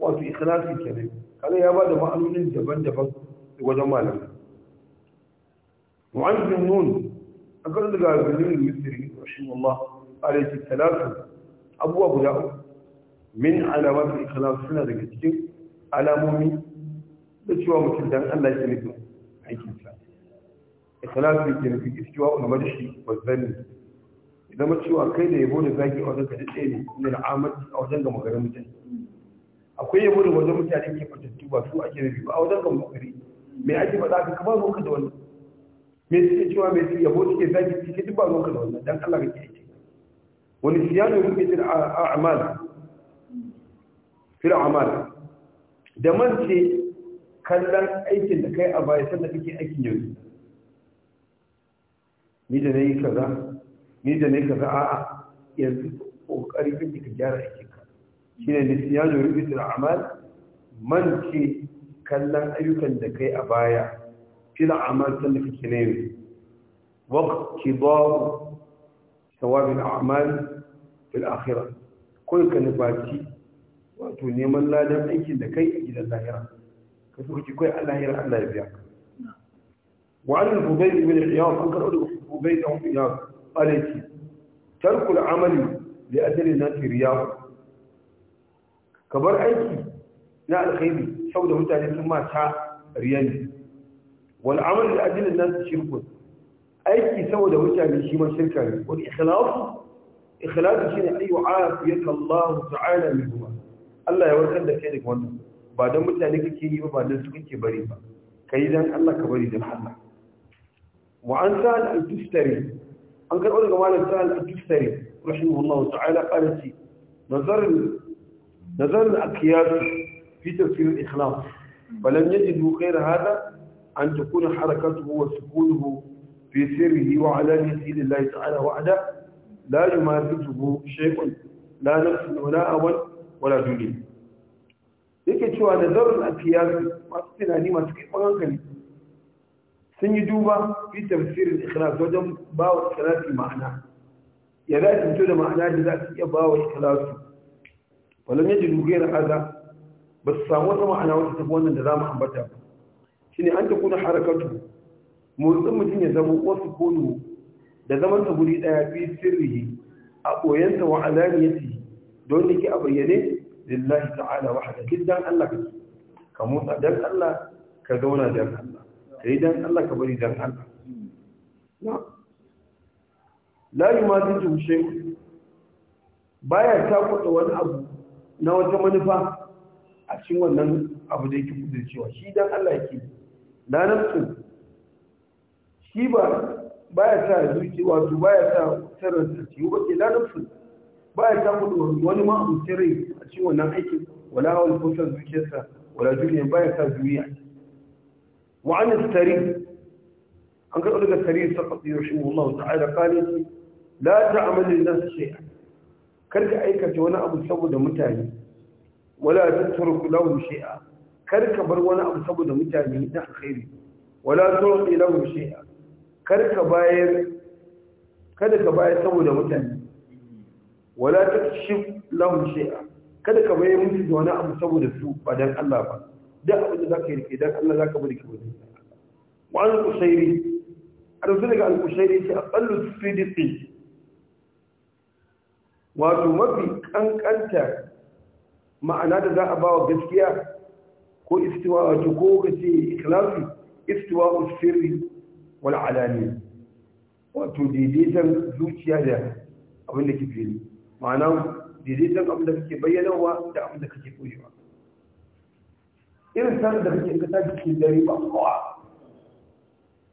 A: وفي إخلاص كذلك kada ya ba da ma'anonin daban-daban wajen malam mu'an bin nun a kan daga birnin misiri rashin Allah alaiki talatu abubuwa guda uku min alamar ikhlas suna daga cikin alamomi da cewa mutum dan Allah ya nufi aikinsa ikhlas ne ke nufi istiwa ulmarshi wa zanni idan ma cewa kai da yabo da zaki a wajen ka dace ne min amat a wajen ga magarin mutane akwai yabo da wajen mutane ke fatattu ba su ake rufi ba a wajen kan kokari Mai ake faɗa ka kamar zuwa da wannan me suke cewa me suke yabo suke zaki cikin duk ba zuwa da wannan dan Allah ke yake wani siyano muke a amala fil amala da man ce kallon aikin da kai a baya sannan kake aikin yanzu ni da yi kaza ni da yi kaza a'a yanzu ko kake ka gyara aikin shine nisyanu rubitul a'mal man ce kallon ayyukan da kai a baya fil a'mal san da kake ne waqti ba sawabil a'mal fil akhirah kai ka nufaci wato neman ladan aikin da kai a gidan lahira ka so kake kai Allah ya Allah ya biya وعن الفضيل بن عياض أنكر أولي فضيل بن عياض قال ترك العمل لأجل الناس رياض kabar aiki na alkhairi saboda mutane sun ma ta riyani wal amal da ajilin nan shirku aiki saboda mutane shi ma shirka ne wal ikhlas ikhlas shi ne ayu afiyaka Allah ta'ala min huma Allah ya warkar da kai daga wannan ba dan mutane kake yi ba ba dan su kake bari ba kai dan Allah ka bari dan Allah wa an sa'al al-tustari an karɓo daga malam sa'al al-tustari rahimahullahu ta'ala qalati nazar نظر الأكياس في تفسير الإخلاص فلم يجدوا غير هذا أن تكون حركته وسكونه في سره وعلى نسيل الله تعالى وعده لا يمارسه شيء لا نفس ولا أول ولا دولي لكي تشوى نظر الأكياد ما تكون ما تكون سنجدوبا في تفسير الإخلاص وجم باو الإخلاص يا يذاتي تقول معنى لذاتي يباو الإخلاص ولم يجد مغير هذا بس سامو سما على wata tafi wannan da zamu ambata ba shine an takuna harakatu motsin mutum ya zama wasu kono da zaman ta guri daya fi sirri a koyansa wa alaniyati don yake a bayyane lillahi ta'ala wahda kiddan Allah kake ka motsa dan Allah ka zauna dan Allah kai dan Allah ka bari dan Allah la yumazitu shay'un baya takuta wani abu na wata manufa a cikin wannan abu da yake cewa? shi dan Allah yake lanarsu shi ba baya sa zuci wato baya sa sarrafa ci wace ba baya sa kudu wani ma abu sirri a cikin wannan aikin wala hawan kusan zuciyarsa wala duniya baya sa duniya wa an tari an karɓi daga tari sa kaɗi rashin Allah ta'ala kalin la ta'amalin nasu shay'an karka ka aikata wani abu saboda mutane wala tattaruku lahum shay'a karka bar wani abu saboda mutane da alkhairi wala tuqi lahum shay'a karka bayar kada ka bayar saboda mutane wala takshif lahum shay'a kada ka bayar musu da wani abu saboda su ba dan Allah ba da abu da zaka yi dan Allah zaka bari ka wani wa al-qusayri arzu daga al-qusayri sai aqallu sidiqi wato mafi kankanta ma'ana da za a ba wa gaskiya ko istiwa wato ko kace ikhlasi istiwa usfirri wal alani wato daidaitan zuciya da abin da ke fili ma'ana daidaitan abin da kake bayyanawa da abin da kake koyewa irin sanar da kake in ka cikin dare ba kowa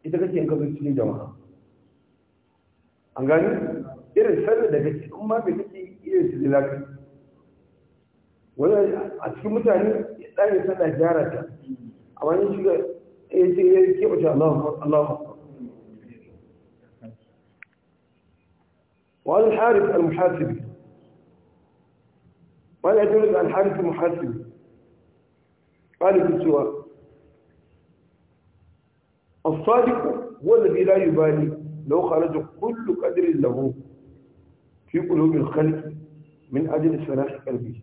A: ita kake in ka zo cikin jama'a an gani irin sanar da kake in ma bai wani a cikin mutane ya tsaye sana gyara ta a wani shi ga ya ce ya keɓa shi Allah wani harif al-muhasibi wani ajiyar da al-harif al-muhasibi wani cewa الصادق هو الذي Bani يبالي لو خرج كل قدر له في قلوب الخلق من أجل صلاح قلبه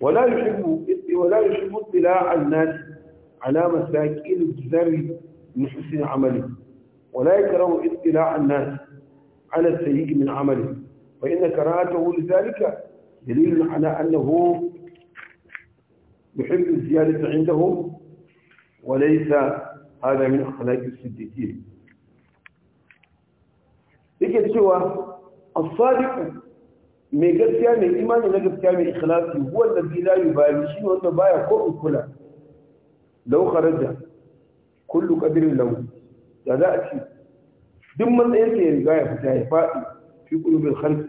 A: ولا يحب ولا يحب اطلاع الناس على مساكين الجزار من حسن عمله ولا يكره اطلاع الناس على السيء من عمله فإن كراهته لذلك دليل على أنه يحب الزيادة عندهم وليس هذا من أخلاق الصديقين. يجد سوى الصادق mai gaskiya mai imani na gaskiya mai ikhlasi wanda bi la yubali shi wanda baya ko in kula law kharaja kullu qadrin law da za a ce duk matsayin sa ya riga ya fita ya fadi fi qulubil khalq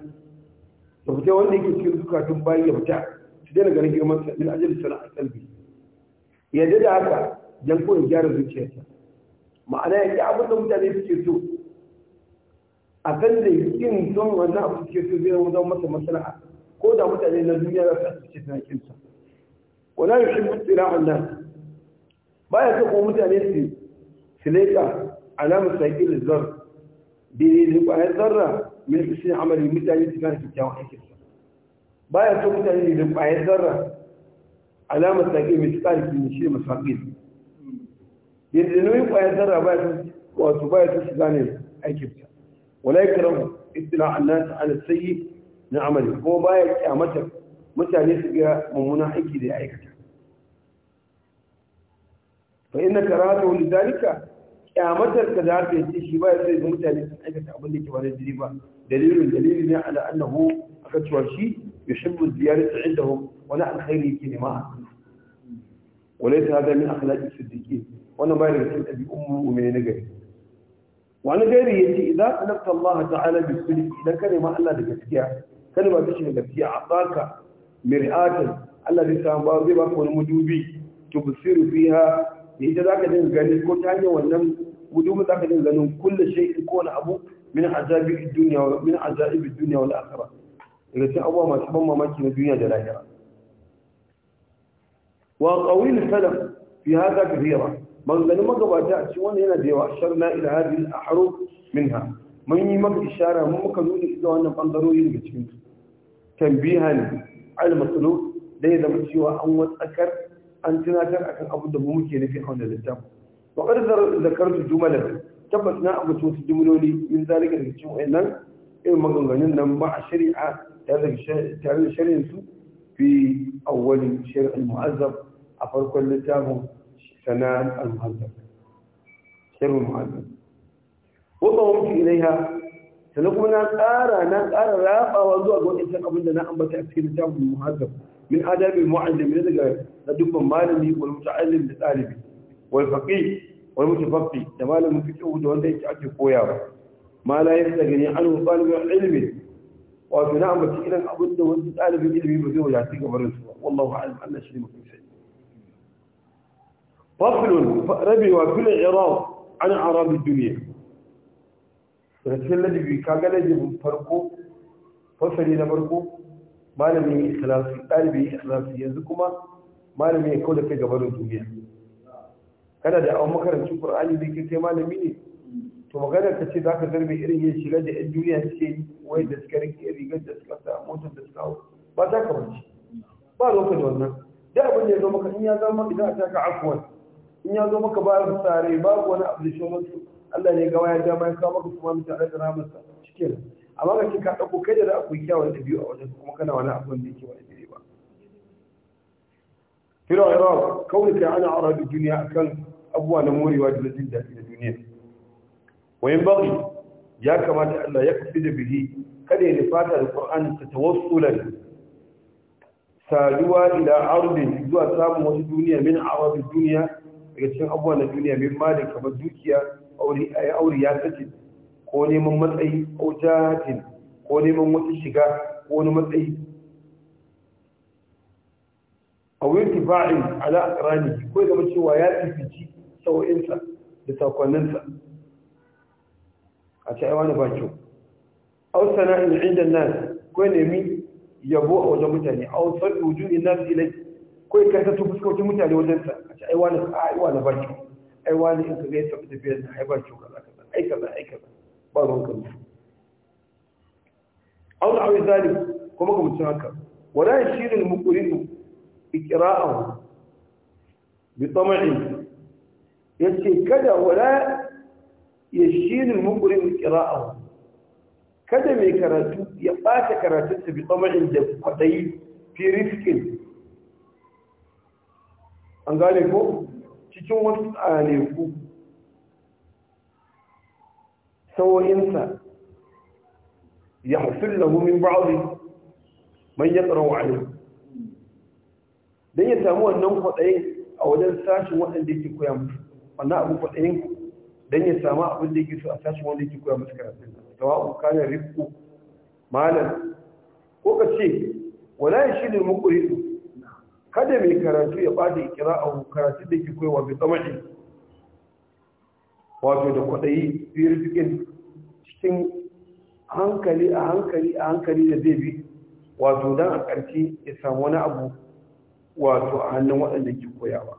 A: to fita wanda yake cikin zukatun bayi ya fita shi dai daga rage masa min ajal sana'a kalbi ya da haka dan ko ya gyara zuciyarsa ma'ana ya ki abin da mutane suke so abin da yin son wannan abu ke su zai wajen masa masana'a ko da mutane na duniya za su asirce suna kinsa wala yi shi mutsira Allah ba ya kuma mutane su sileka alamar da zar da ya yi kwayar zarra mai su shi amali mutane su kan kyakkyawan aikinsa ba ya so mutane da kwayar zarra alamar saƙil mai su kan kyakkyawan shi ne yadda nauyin kwayar zarra ba ya so wato ba ya so su gane sa. wala yakrahu istila annas ala sayyi na amali ko baya kyamata mutane su ga mummunan aiki da ya aikata fa inna karatu lidalika kyamatar ka da ta yi shi baya sai mutane su aikata abin da ke ba daidai ba dalilin dalili ne ala annahu aka cewa shi yushibbu ziyaratu indahum wala alkhairi yake nema وليس هذا من أخلاق الصديقين وأنا da يرغب أن أبي ummu mai nagari وانا غير يجي اذا قلت الله تعالى بالسلم اذا كلمة الله لكتكيع كلمة بشي لكتكيع اعطاك مرآة الذي لسان بارضبك والمجوبي تبصير فيها هي ذاك دين غني كو تاني ونم ودوم ذاك دين غنم كل شيء يكون ابو من عذاب الدنيا ومن عذاب الدنيا والاخره التي الله ما تحب ما ماكي الدنيا ولا الاخره وقوي السلف في هذا كثيره maganganun magabata a cikin wannan yana da yawa sharna ila hadhihi al-ahruf minha mun yi maka ishara mun muka nuni ga wannan bangarorin da cikin su tanbihan al-matlub da ya zama cewa an watsakar an tunatar akan abu da mu muke nufi a wannan littafi wa qad zakartu jumalan tabbas na abu wasu jumloli min zalika daga cikin wayannan irin maganganun nan ba a shari'a tare da shari'in su fi awwalin shari'in mu'azzab a farkon littafin تنام المهذب سر المهذب وضعوا في إليها سنقوم نقارا نقارا راقا وزوء أقول إنسان أبدا نأمبت أكثر تام المهذب من آداب المعلم لذلك لدب مالمي والمتعلم للآلبي والفقيه والمتفقي تمالا من دون وانت تأتي وياه ما لا يستغني عنه طالب العلم وفي نعمة إلى الأبد وانت طالب العلم بذوه يعطيك برسوله والله أعلم أن شيء مكتسب
B: faslun
A: rabewa filin العراق an عرب duniya da الذي بي ka ga ladabin farko fasali na farko malamin ikhlasi ɗalibin ikhlasi yanzu kuma malamin ya kawo da kai gabanin duniya kana da awon makarancin qur'ani zai kai malami ne to magana ka ce za ka zarbe irin yin shiga da 'yan duniya suke wai da suka rike rigar da suka sa motar da suka ba za ka ba lokacin wannan da abin da ya zama in ya zama idan a taka afuwan in ya zo maka ba su tare babu wani abu da shi wasu Allah ne gawa ya ja bayan kawo maka kuma mu tare da ramarsa shike amma ga kika ko kai da akwai kyawun da biyu a wajen kuma kana wani abu da yake wani dire ba fira kawai kaulika ana arabi duniya akan abubuwa na morewa da jin daɗi da duniya wayin baki ya kamata Allah ya kafi da bihi kada ya nufata da Qur'ani ta tawassulan saduwa ila ardin zuwa samun wasu duniya min arabi duniya daga cikin abubuwa na duniya mai malin kamar dukiya aure ya sace ko neman matsayi ko jahatin ko neman wata shiga ko wani matsayi a wurin fa'in ala asirani ko zama cewa ya fifici sau'insa da sakonninsa a cewa wani ba kyau wasu sana'in inda nas ko nemi yabo a wajen mutane wasu san wujuhin nas ilai ko ya karkato fuskokin mutane wajen sa a ce ai wani ai wani barci ai wani in ka ga yasa tafiyar da ai barci kaza kaza ai kaza ai kaza ba ruwan kan aw da awi zalim kuma ga mutum haka wala yashiru al-muqridu iqra'ahu bi tam'i yace kada wala yashiru al-muqridu iqra'ahu kada mai karatu ya bata karatunsa bi tam'in da kwadayi fi rifkin an gane ko cikin wasu tsaleku sauyinsa ya hasil lahu min ba'ali man ya tsara wa'ali don ya samu wannan kwaɗayin a wajen sashin waɗanda yake koya musu wannan abu kwaɗayin don ya samu abin da yake so a sashin wanda yake koya musu karatun tawa'u kanar rikku malam ko ka ce wala ya shi muku mukuritu kada mai karatu ya bada a karatu da ke koyawa bi tsamani wato da kwadayi firfikin cikin hankali a hankali a hankali da zai bi wato dan a ƙarshe ya samu wani abu wato a hannun waɗanda ke koyawa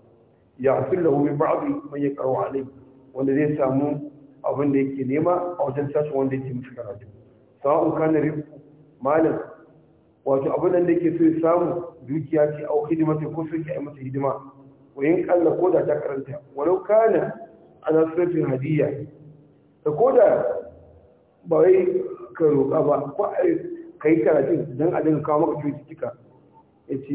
A: ya fi lahu min ba'dhi man yaqra'u alayhi wanda zai samu abin da yake nema a wajen sashen wanda yake musu karatu sawa'un kana rifku malam wato abin da yake so ya samu dukiya ce au hidimata ko so ke mata hidima wa yin kalla ko da ta karanta walau kana ana sirfin hadiyya da ko da ba wai ka roƙa ba ko ka yi karatun don a dinga kawo maka cututtuka ya ce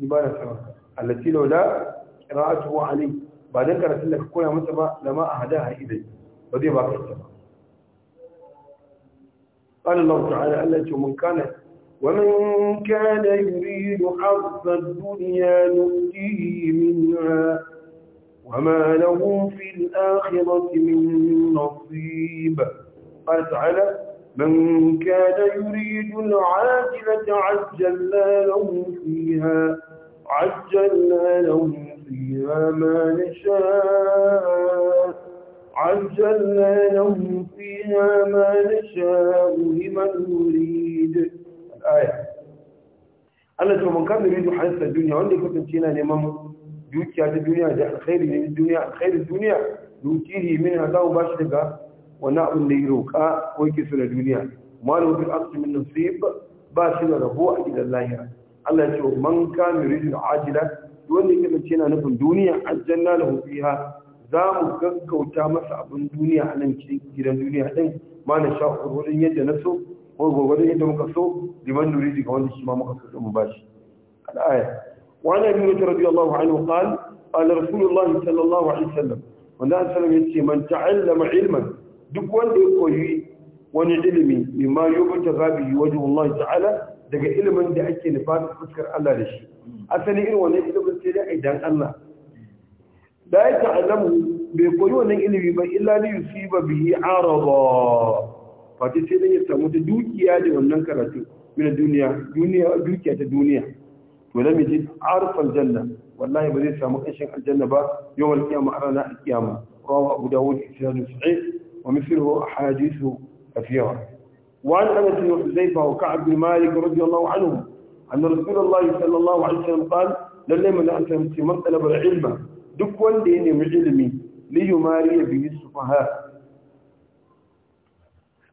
A: ni ba na sama allati laula qira'atu wa ali ba dan karatun da ka koya masa ba lama a hada ha idai ba zai ba ka ba
B: Allah ta'ala Allah ce mun kana ومن كان يريد حرث الدنيا نؤتيه منها وما له في الآخرة من نصيب قال تعالى من كان يريد العاجلة عجلنا له فيها عجلنا له فيها ما نشاء عجلنا له فيها ما نشاء لمن نريد aya Allah
A: ta man kana yuridu hayata dunya wanda kasance yana neman dukiya ta duniya da alkhairi ne duniya alkhairi duniya yutihi min hadawu bashi daga wani abin da ya ko yake so na duniya malu bil aqsi min nasib ba shi da rabo a gidan lahira Allah ya ce man kana yuridu ajila wanda yake kasance yana nufin duniya ajanna lahu fiha za mu gaggauta masa abin duniya a nan cikin gidan duniya din ma na sha'ur wurin yadda na so ko gurgurdan yadda muka so liman nuridi ga wanda shi ma muka so mu bashi al-aya wa ana ibn radiyallahu anhu qala qala rasulullah sallallahu alaihi wasallam wanda an sallama yace man ta'allama ilman duk wanda ya koyi wani ilimi mimma yubuta gabi wajhu Allah ta'ala daga ilimin da ake nufa fuskar Allah da shi asali irin wannan ilimin sai dai idan Allah da ya ta'allamu bai koyi wannan ilimi ba illa li yusiba bihi arada fati sai zan ya samu ta dukiya da wannan karatu min duniya duniya dukiya ta duniya to lam yajid arfal janna wallahi ba zai samu kashin aljanna ba yawmal qiyamah arana alqiyama rawahu abu dawud isnadu sahih wa mithluhu ahadithu kathira wa an anas bin huzaifa wa ka'b bin malik radiyallahu anhu أن رسول الله صلى الله عليه وسلم قال للي من أنت من طلب العلم دك وندي نمي علمي ليماري به السفهاء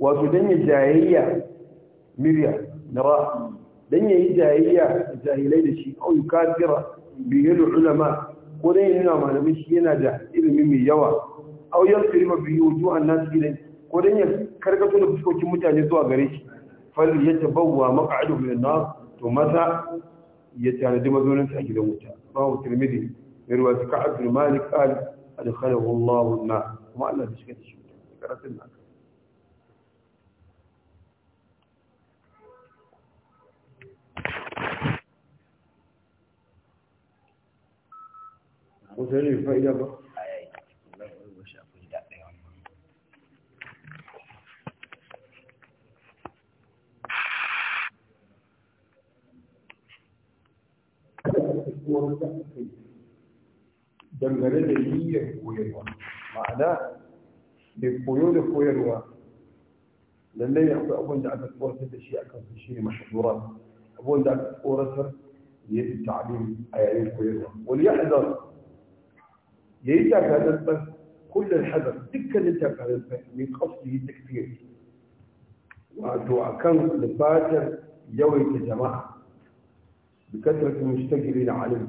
A: wato dan ya jayayya mirya nara dan ya yi jayayya jahilai da shi au yukadira bi yadu ulama ko dan yana malamin shi yana da ilimi mai yawa au yasrima bi wujuhan nas ilai ko dan ya karkato da fuskokin mutane zuwa gare shi fal yatabawwa maq'aduhu min nas to mata ya tanadi mazauninsa a gidan wuta babu tirmidhi ya ruwa su ka'ad bin malik al adkhalahu allah an kuma allah da shi ka shi karatun nan wata ne fa'ida ba dangane da niyyar koyarwa ma'ana mai koyo da koyarwa lallai akwai abin da aka tsoratar da shi a kan su shi ne mashahura abin da aka tsoratar da ya fi ta'alim a yayin koyarwa wani ya hadar ليس هذا البحث كل الحذر ذكر انت هذا البحث من قصده التكفير وعدوا أكن لباتر يويت جماعة بكثرة المشتغلين عليه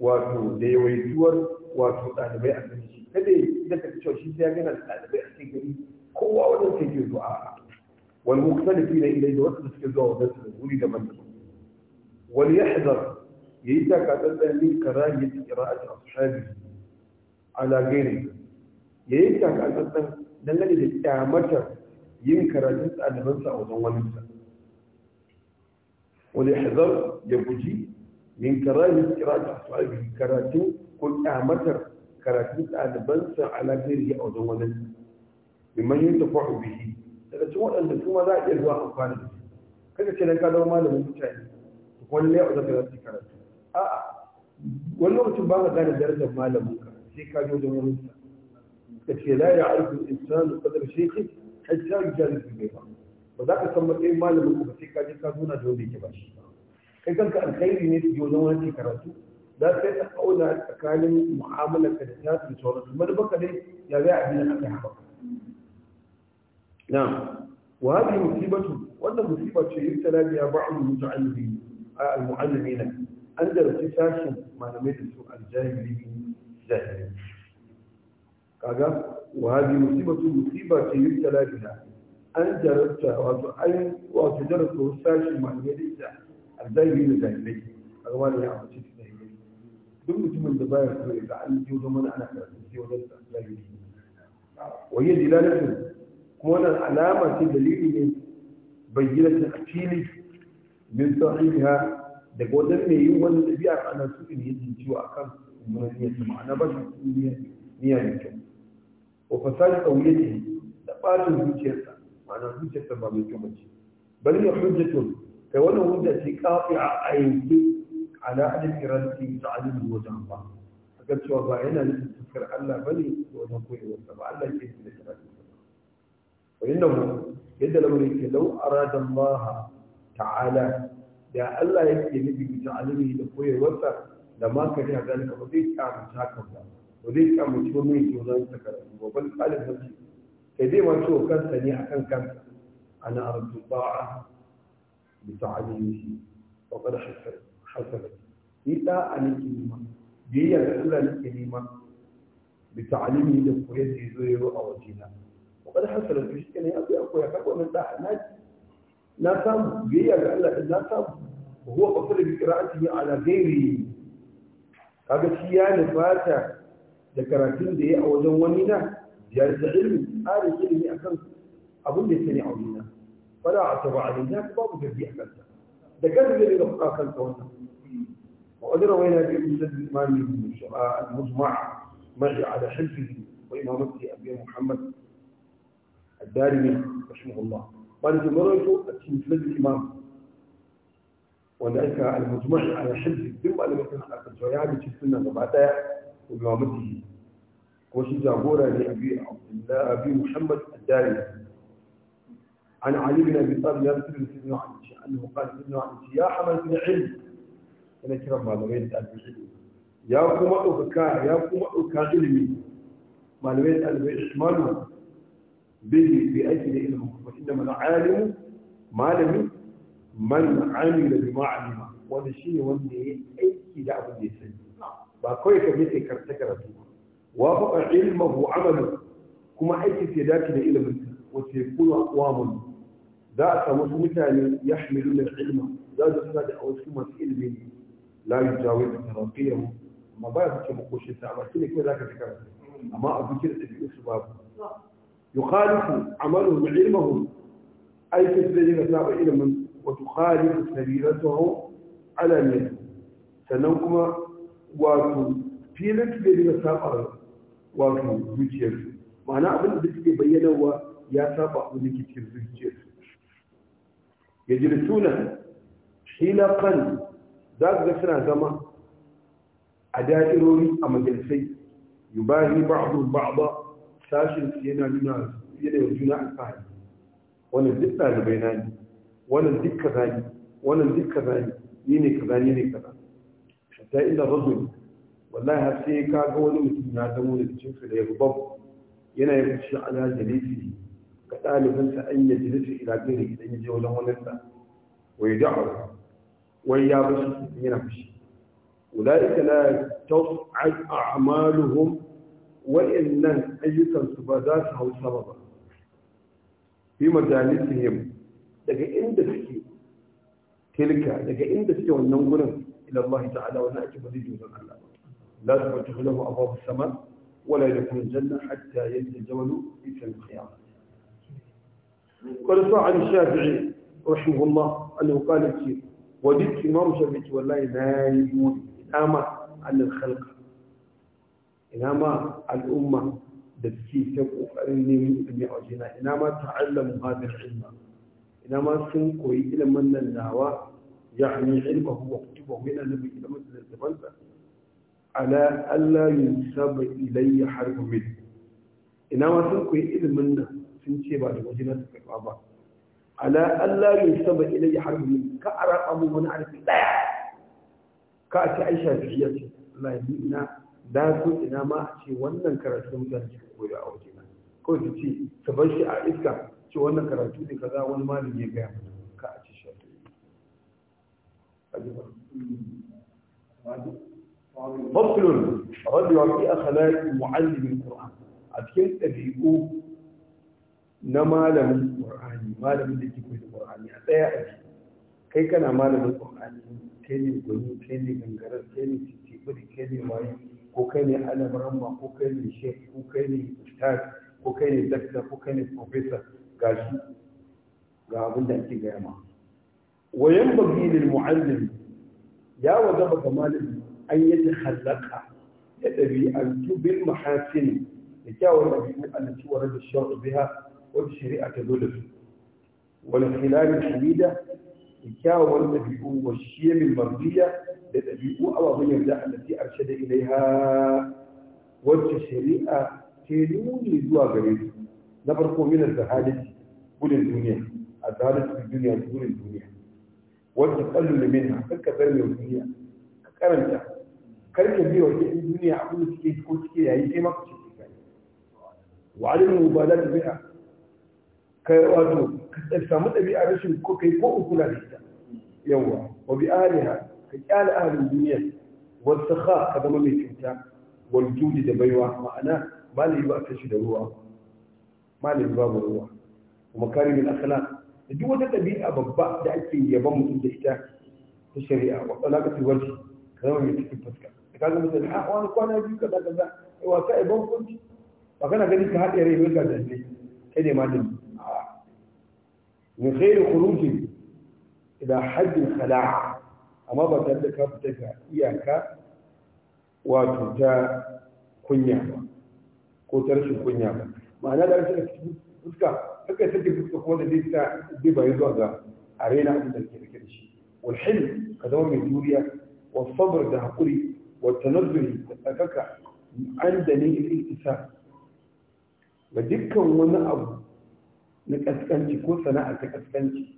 A: وعدوا ليويتور وعدوا أهل بيع فنشي هذي إذا تكتشو شيء سيجينا أهل بيع سيجري قوة ولا سيجي دعاء والمختلفين إليه وقت سكزوه ذاته ولد من وليحذر يجب أن تتعلم من كراهية إراءة أصحابه على غيره يجب أن تتعلم من الذي يتعمل من كراهية ألمانسة أو ظنوانسة ولحظر يبجي من كراهية إراءة أصحابه كراهية كل أعمل كراهية ألمانسة على غيره أو ظنوانسة بمن ينتفع به لأنه يقول أن ثم لا يجب أن أفعله كيف تتعلم من كراهية أصحابه ولا يؤذى كراهية أصحابه a'a wani lokacin ba ka gane darajar malamin ka sai ka je wajen wani sa ka ce la ya aiku insanu qadar shaykhi hatta yujalisu bi ba ba za ka san matsayin malamin ka sai ka je ka zauna da wanda yake ba shi kai kanka alkhairi ne su je wajen wani ke karatu za ka yi auna tsakanin mu'amalar ka da tasiri sauransu manufarka dai ya zai abin da aka haɓa na'am وهذه مصيبة ولا مصيبة يبتلى بها بعض المتعلمين المعلمين an jarabci sashen malamai da su aljahili jahili kaga wahabi musibatu musiba ce yi talabina an jarabta wato an wato jarabta wasu sashen malamai da aljahili da jahilai a gaba da ya amince da jahilai duk mutumin da baya so ya ga an ji wajen mana ana karatu sai wajen aljahili waye dilalatu kuma wannan alama ce dalili ne bayyana a fili min sahiha daga wajen mai yin wannan ɗabi'a ana su ne yin ciwo a kan mummunan niyyar sa ma'ana ba su niyyar niyyar mai kyau wa fasadi kawiyyace da ɓacin zuciyarsa ma'ana zuciyarsa ba mai kyau bace bal ya hujjatun kai wannan hujja ce qafi'a a yanke ala adil iradati ta'alim wa ta'ala haka cewa ba yana nufin fuskar Allah bane ko wajen koyewarsa ba Allah ke da karatu wa innahu yadda lamarin ke lau arada maha ta'ala da Allah yake nufi mutum alimi da koyarwarsa da ma ka riha zalika ba zai kyamuci hakan ba ba zai kyamuci ba mai juna ta karatu ba ban tsalin mace sai dai ma ciwo kansa ne a kan kansa ana arzu ba'a da ta'alimihi wa kada hasara ni da'a nake nema biyayya da Allah nake nema da ta'alimihi da koyar da ya zo a wajena wa kada hasara to shi ne ya zo ya koya kakwa min da'a na لا تم جيه قال لك لا تم وهو قصر بقراءته على غيره هذا الشيء يعني فاتح ذكراتين دي او زوانينا جالس علم قال علمي اكم ابو اللي سنع بينا فلا اعتبع علينا كباب جدي احمد ده كان اللي نبقى خلفه وأدرى وين هذه المسجد الإيمان من المجمع مجي على حلفه وإمامته أبي محمد الدارمي رحمه الله وأنا مرته مسند الإمام وذلك المجمع على حفظ الدم على مثل حق الجويعة بتشتنا نبعتها وبمامته وشي جابورة لأبي أبي محمد الداري عن علي بن أبي طالب يذكر يعني سيدنا علي أنه قال سيدنا علي يا حمد بن علم أنا كرم ما لغير أبي العلم يا كما أوكا يا كما أوكا علمي ما لغير أبي إشماله بأجل إلهم وإنما العالم ما لم من عمل بما علم وهذا الشيء وانده أي شيء لا أبدا يسجد باقوية كميسي كرتكرة وافق علمه وعمله كما حيث سيداك لإلم وسيكون أقوام ذات مثال يحملون العلم ذات سيداك أو سيما سيلم لا يجاوز ترقيه ما بايضك مقوش الساعة ما سيلك ذاك ذكرة أما أبو كرة في أسبابه yukhalifu amaluhum ilmahum aikin da yake saba ilimin wa tukhalifu sariratuhu ala min sannan kuma wato filin da yake saba wato zuciyarsu ma'ana abin da suke bayyanawa ya saba abin da cikin zuciyarsu yajlisuna hilaqan za ka ga suna zama a da'irori a majalisai yubahi ba'du ba'da sashin su yana nuna yana yau juna alfahari wannan duk ɗalibai na ne wannan duk kaza ne wannan duk kaza ne ni ne kaza ni ne kaza hatta illa rajul wallahi har sai ka ga wani mutum ya zama da cikin su da ya rubab yana yin shi ala jalisi ga ɗalibinsa an yi jalisi ila gari idan ya je wajen wannan sa wai da'awa wai ya bashi yana fushi ulaika لا تصعد أعمالهم وإنن أجلس السبادات أو سببا في مجالسهم لك إن تسكي تلك لك إن تسكي وننقل إلى الله تعالى ونأتي بذي جوزا لا تبتح له أبواب السماء ولا يكون الجنة حتى يجد الجمل في سن الخيار قال صاعد الشافعي رحمه الله أنه قال وجدت إمام شافعي والله لا يجوز أمر عن الخلق إنما الأمة al'umma da suke ta kokarin neman ilimi a wajena ina ma ta'allamu hadal ilma ina يعني علمه وكتبه من النبي إلى مثل الزبنة على ألا ينسب إلي حرب منه إنما إلى من سنتي بعد وجنة الكتابة على ألا ينسب إلي حرب منه كأرى أبو من عرف لا كأتي عيشة في حياتي لا يبينا da su ina ma a ce wannan karatu ne da cikin koyo a waje na kawai su ce su bar shi a iska ce wannan karatu ne kaza wani malami ya gaya mutu ka a ce shi a tuyi mafilun rabiwa fi a khalaki mu'allimin qur'an a cikin ɗabi'u na malamin qur'ani malamin da ke koyi qur'ani a tsaya a ce kai kana malamin qur'ani kai ne gwani kai ne gangarar kai ne cikin kai ne wayo ko kai ne alam ramma ko kai ne shek ko kai ne ustaz ko kai ne dakta ko kai ne professor ga shi ga abin da ake gaya ma wayan yanbaghi lil muallim ya wajaba ga malami an halaka ya dabi dabi'antu bil mahasin ya kawo da kyawun dabi'u allati warada shar'u biha wa shari'a ta dole wal khilal al-hamida kyawawan ɗabi'u wa min mardiya da ɗabi'u ababen yarda allati arshada ilaiha wacce shari'a ke nuni zuwa gare su na farko min zahadati gudun duniya a zahadati duniya gudun duniya wacce kallon minha kanka mai duniya ka karanta karka biya wata in duniya abin da cike ko suke yayi sai maka ce wa alimu ba za ta biya kai wato الفمد أبي أعرف كيف أكل هذا يوم وبآلها كآل أهل الدنيا والسخاء هذا ما ميتمتا والجود دبيوة معنا ما لي يبقى تشد هو ما لي يبقى هو ومكارم الأخلاق الدوة تبيع ببا دعكي يبقى متجهتا في الشريعة وعلاقة الوجه هذا ما ميتمتا كان مثلا أخوان أخوان أجيب كذا كذا وكأي بمكنت فكان أجيب كهات يريد كذا كذا كذا كذا كذا min khairu khurujin ila haddin khala'a amma ba tare da ka fita ga iyaka wato ta kunya ba ko ta rashin kunya ba ma'ana da rashin fuska haka sake fuska kuma da zai ta zai bayan zuwa ga arena abin da ke rike da shi walhin ka zama mai juriya wa sabar da haƙuri wa tanazzuri da tsakaka an da ne isa ga dukkan wani abu na kaskanci ko sana'a ta kaskanci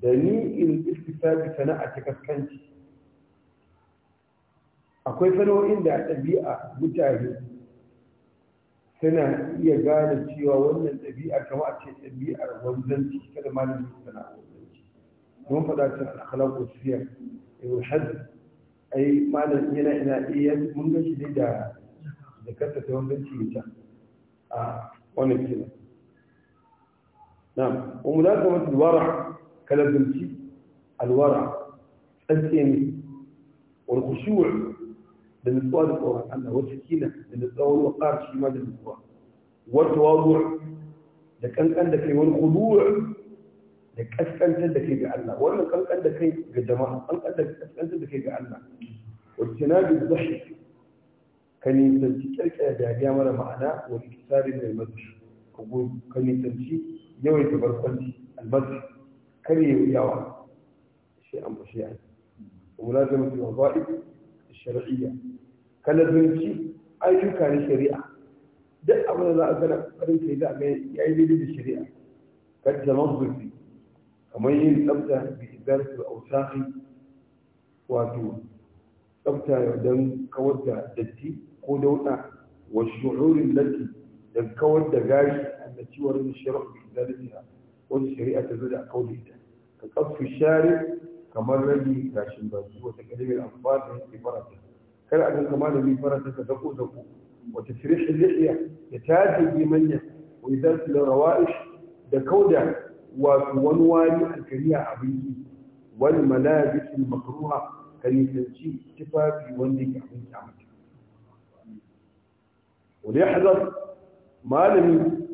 A: da ni in istifadi sana'a ta kaskanci akwai sana'o'in da a ɗabi'a mutane suna iya gane cewa wannan ɗabi'a kama a ce ɗabi'ar wanzanci kada malamin sana'a wanzanci don faɗa cin al'akalaku siya ibn eh, hajj ai malam yana ina iya eh, mun gashi dai da da kasa ta wanzanci ya ta a ah, wannan kenan نعم وملازمة الورع كلازمتي الورع التأمين والخشوع بالنسبة للقرآن الله والسكينة بالنسبة وقار شيء ما بالنسبة والتواضع لك أنت عندك والخضوع لك أسألت لك يا الله ولا لك أنت عندك يا جماعة أنت عندك أسألت لك يا الله واجتناب الضحك كان ينسى تلك يا معنا والاكتساب من المدش كان ينسى ta barkwanci albarki kar ya yi yawa shi an bashi ya wula da mutu a ba'i shari'iyya kalazunci ayyuka na shari'a duk abin da za a gana karin kai za a ga ya yi daidai da shari'a kan zaman zurfi kamar yin tsabta bi idarsu ausafi wato tsabta don kawar da datti ko dauɗa wa shuhurin latti don kawar da gari. التي ورد الشرع بإدارتها والشريعة بدا قوليته كقصف الشارع كما الذي كاشم بازو وتكلم الأطفال من كبرته كلا أن كما الذي فرته كذكو ذكو وتفريح اللحية يتاتي بمنية وإذا الروائش دكودا وتونوالي الكريعة عبيدي والملابس المكروهة كان يتنشي اكتفى في وندك عبيدي عبيدي وليحذر ما لم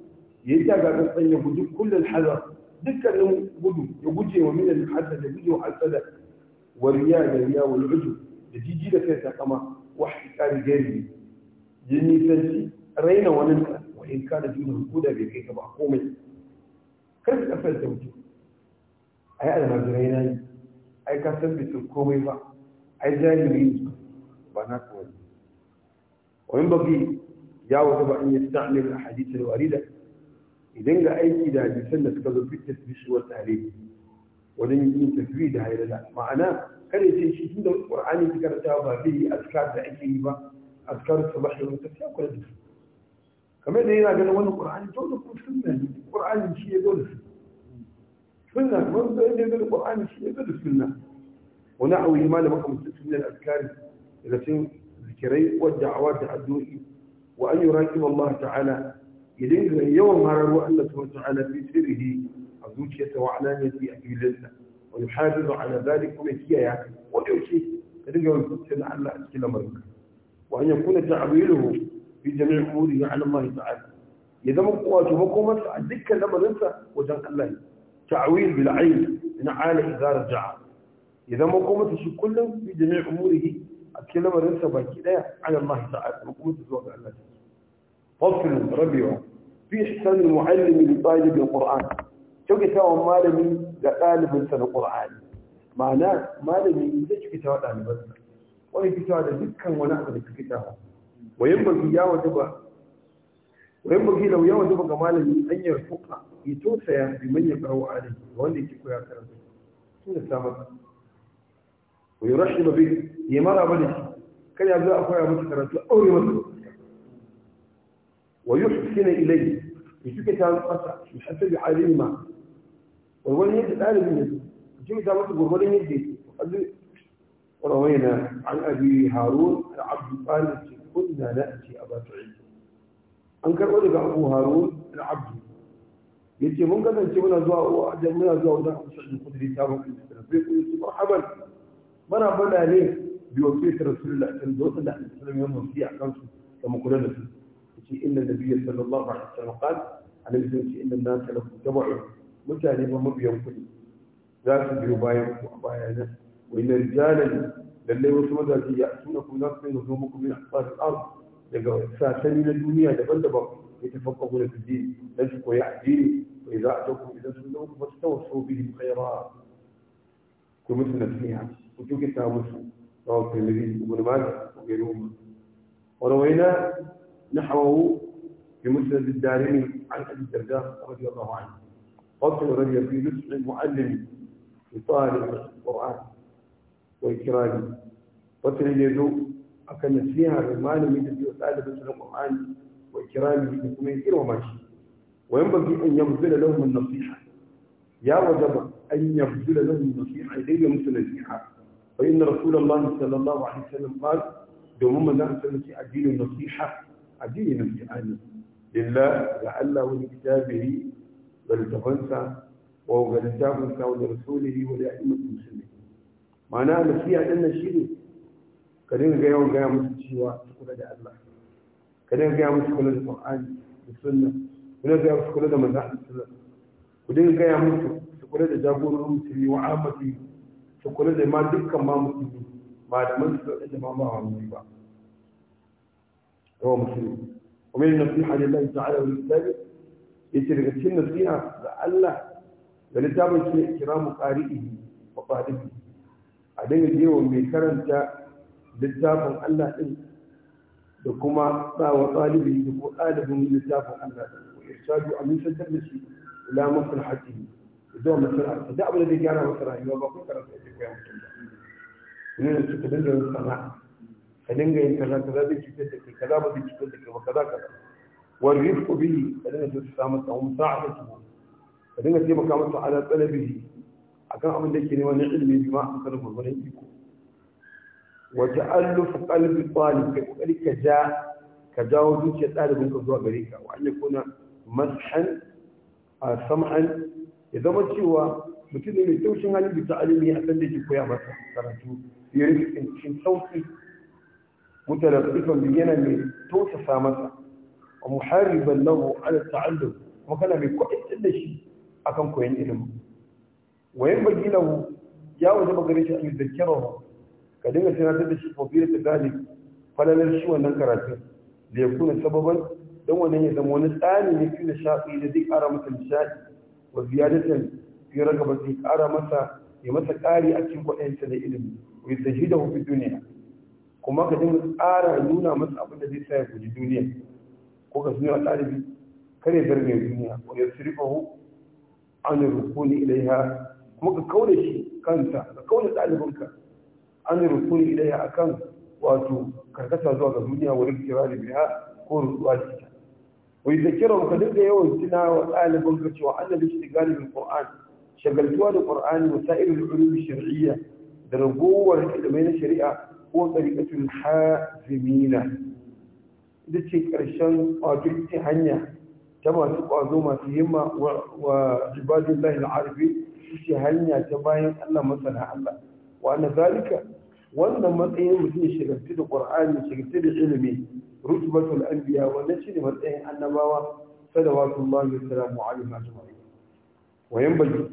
A: يتجا بالطين يبدو كل الحذر ذكر أنه يبدو يبدو ومن المحذر يبدو حسد ورياء الرياء والعجو يجي جيدا كيسا واحد واحتكار جاري يني فنسي رأينا وننسى وإن كان دونه كودا بكيسا بحكومي كيف أفل توجه أي أنا مرد رأينا أي كاسم بتركومي فا أي جاري مين بناك وين بقي يا وطبع أن يستعمل الأحاديث الواردة idan ga aiki da hadisan da suka zo fi tasbishi wa tsare wajen yin tasbih da hayrala ma'ana kada ya ce shi tun da qur'ani ta karanta ba zai yi askar da ake yi ba askar sabahi wa tafiya kula da su kamar da yana ganin wani qur'ani to da kuma sunna ne qur'ani shi ya zo da su sunna kamar da yana ganin qur'ani shi ya zo da sunna wani abu yi malama kamar sunna al-azkari daga cikin zikirai wadda awar da addu'o'i wa an yuraqib Allah ta'ala يدين يوم هربوا الله سبحانه على في سره وعلانية وعلانيته أجلته ويحافظ على ذلك ونكيا ويوشي رجعوا سنع على أسكيل مرك وأن يكون تعويله في جميع أموره على الله تعالى إذا ما قواته مقومة لما ننسى وجن الله تعويل بالعين من عالة إذا رجع إذا ما شكلا في جميع أموره أسكيل ننسى باكي على الله تعالى مقومة على الله تعالى طفل ربيع في احسان المعلم لطالب القران شوكي تاو مالمي لطالب سنه القران معناه مالمي شوكي تاو طالب وين في تاو دكان وانا اقدر تكتاه وينبغي يا وين بقي لو يا وجبا مالمي ان يرفق يتوسع بمن يقرأ عليه واللي يكو يا ترى شنو السبب ويرحب به يمر ابدا كان يا ابو يا ابو ترى اوري مسلم ويحسن إليه يشوك تعالى قصة يحسب عليه ما والولي يدي الآن من يدي يشوك تعالى قصة والولي يدي وقال وروينا عن أبي هارون العبد قال كنا نأتي أبا سعيد أنكر أولي أبو هارون العبد يتي من قد أنت من أزواء وأجل من أزواء ودع أبو سعيد الخدري تابع في التنفيق ويتي مرحبا مرحبا عليه بوصية رسول الله صلى الله عليه وسلم يوم وصية كما قلنا فيه في إن النبي صلى الله عليه وسلم قال أنا في إن الناس لكم تبع متعني ومبيا كل ذات بيبايا وأبايا وإن رجالا للي وسمى ذات يأتونكم ناس من هزومكم من أقطار الأرض لقوا ساسنين الدنيا لبندبا يتفقهون في الدين لنسكوا يحدين وإذا أتوكم إذا سنوكم فاستوصوا بهم خيرا كمثل نسيها يعني. وتوكي التامس رواه الترمذي وابن ماجه وغيرهما وروينا نحوه في مسند الدارمي عن أبي الدرداء رضي الله عنه قتل رضي في نصح المعلم يطالب القرآن وإكرامه قتل اليد أكن فيها رمان من الذي وسأل القرآن وإكرامه من يكير وماشي وينبغي أن يبذل لهم النصيحة يا وجب أن يبذل لهم النصيحة إليه مثل النصيحه فإن رسول الله صلى الله عليه وسلم قال دوما نحن الدين النصيحة في يعني لله لعله لكتابه وهو ولتقنسا وغلتاهنسا ولرسوله ولأئمة المسلمين معناها نصيحة أن الشيء كريم جاي وجاي مستشوى تقول هذا الله كريم جاي تقول هذا القرآن والسنة كان جاي تقول هذا من رحمة الله كان جاي تقول هذا جابور المسلمين وعامته تقول هذا ما دكا ما مسلمين ما دمنت إلا ما ما عمري هو مسلم ومن النصيحة لله تعالى وللسالك يترغتين نصيحة لألّه ولتابع كرام قارئه وقارئه أدين اليوم من كرنت لتابع الله إن لكما ما طالبه لكو آلب من لتابع الله وإرشاد أمين ستبلسي إلى مصلحته بدون مصلحته دعوة الذي كان مصلحته وما كنت في يا مسلم من أن تتبلغ الصناعة ka dinga yin kaza kaza zai cutar da ke kaza ba zai cutar da ke ba kaza kaza wa rifqu bihi ka dinga so su samu sa hum sa'atu ka dinga taimaka masa ala talabihi akan abin da ke neman na ilimi bi ma akan gurgurin iko wa ta'alluf qalbi talib ka kokari ka ja ka jawo zuciyar ɗalibin ka zuwa gare ka wa an yakuna mashan sam'an ya zama cewa mutum ne mai taushin hali bisa alimi a san da ke koya masa karatu ya rikin cikin sauki متلقفا بجنم توسع مسا ومحاربا له على التعلم وكان بكل الشيء أكم كوين إلم وينبغي له جاوز بقريش أن يذكره كدنا سنة تدشي فضيلة ذلك فلا نرشي وننكرات ليكون سببا دوما نهزم ونسأل أن يكون شاقي لذيك أرامة الشاقي وزيادة في رقبة ذيك أرامة يمسك آلي أكيم وإنسان إلم ويستجهده في الدنيا kuma ka dinga tsara nuna masa abin da zai sa guji duniya ko ka suna ɗalibi kar ya zarge duniya wa ya hu an rukuni ilaiha kuma ka kaure shi kanta ka kaure ɗalibinka an rukuni ilaiha akan wato karkata zuwa ga duniya wurin kira da biya ko rutuwa da ita wai da kira ka dinga yawan tuna wa ɗalibinka cewa an da shi galibin qur'an shagaltuwa da qur'ani wa sa'irul ulumi shar'iyya da ragowar ilmai na shari'a ko tsarikatul hazimina ita ce ƙarshen ƙwajirci hanya ta masu ƙwazo masu himma wa ibadun lahil arfi ce hanya ta bayan allah masana allah wa na zalika wannan matsayin mutum shigarci da ƙwar'ani shigarci da ilimi rutubatul anbiya wannan shi ne matsayin annabawa sadawatullahi wa salamu alaihi ajma'in wa yanbaghi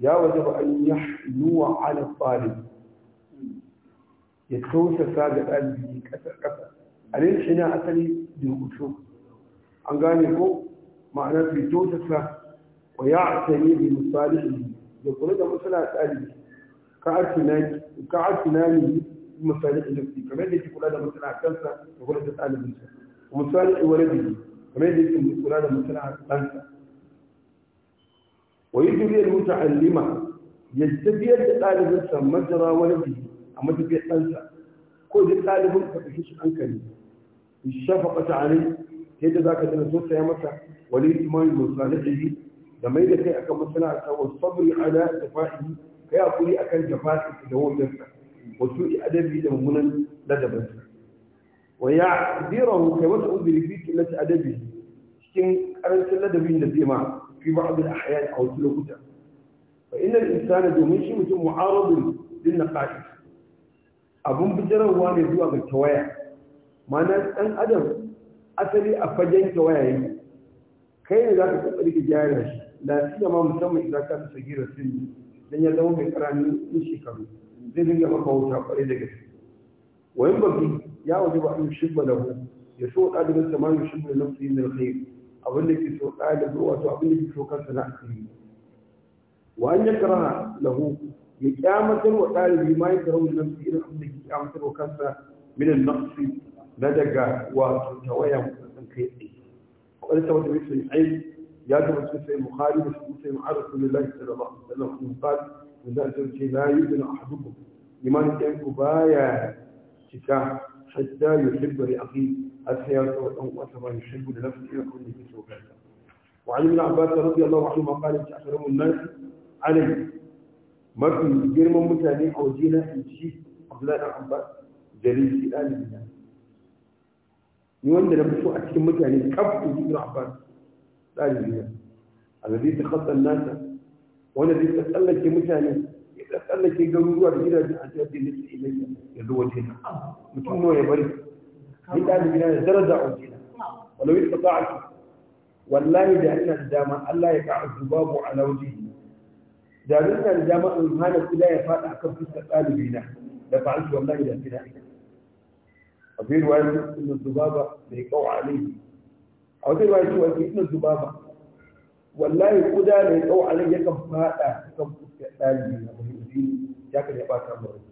A: ya wajaba an yahnu ala talib ya tausasa ga ɗalibi ƙasar ƙasa alin shi na asali dinkuto an gane ko ma'anar fi tausasa wa ya a bi misali ya kula da masana ɗalibi ka artinani misali ilimi kamar da ke kula da masana kansa da kula da ɗalibinsa misali iwalabi kamar da ke kula da masana ɗansa wa yi duniyar muta'allima ya tafiyar da ɗalibinsa majara wani biyu a matafiyar ɗansa ko duk ɗalibin ka ɗauki shi hankali shafa ɓata a rai yadda za ka dana tausaya masa wani imani mai salihihi da mai da kai akan masana'arta wa sabri ala jafa'i kai hakuri kan jafa'i da wajenta wasu su'i adabi da mummunan ladabinsa wa ya zirahu kai masa uzuri fi killati adabi cikin karancin ladabin da zai ma fi ba'd al-ahyan aw lokuta fa inna al-insana domin shi mutum mu'aradun na naqais abun bijirarwa ne zuwa ga tawaya mana ɗan adam asali a fagen tawaya yake kai ne za ka kokari ka gyara shi lafiya ma musamman idan ka fi sagira sun dan ya zama mai karami in shekaru zai dinga maka wuta kwarai da gaske wayan babbi ya waje ba an shibba lahu ya so da sa ma ya shibba na yi yin alkhair abin da ke so da zuwa to abin da ke so kansa na alkhairi wa an ya karaha lahu ya kyamatar wa ɗalibi ma ya karau da nafsi irin abin da ke kyamatar wa kansa minan nafsi na daga wato tawayan kusan kai tsaye وقال سوى النبي صلى الله عليه وسلم يجب أن تسمى البخاري وتسمى عن رسول الله صلى الله عليه وسلم قال من ذلك لا يؤمن أحدكم لمن كان كبايا شكا حتى يحب لأخيه الحياة والأنقى ما يحب لنفسه إلى كل في سوء وعن ابن عباس رضي الله عنهما قال أحرم الناس عليه mafi girman mutane a waje na in ci abdullahi dan abbas jalil ɗalibi na ni wanda na fito a cikin mutane kaf in ji ibn abbas ɗalibi na alladhi takhassa an-nas wanda zai tsallake mutane ya tsallake garuruwa da gidajen a cikin da su ilayya ya zo waje na mutum nawa ya bari ni ɗalibi na da daraja a waje na walau yasta'atu wallahi da ina da dama Allah ya ka'a zubabu ala wajhihi da rinka da dama in hana kula ya faɗa kan fuskar ɗalibi na da fa'altu wallahi da kina ina a fi ruwa yake ibn zubaba da ya kawo alaihi a wata ruwa yake wake ibn zubaba wallahi kuda da ya kawo alaihi kan faɗa kan fuskar ɗalibi na muhimmini ya kan ya ɓata mu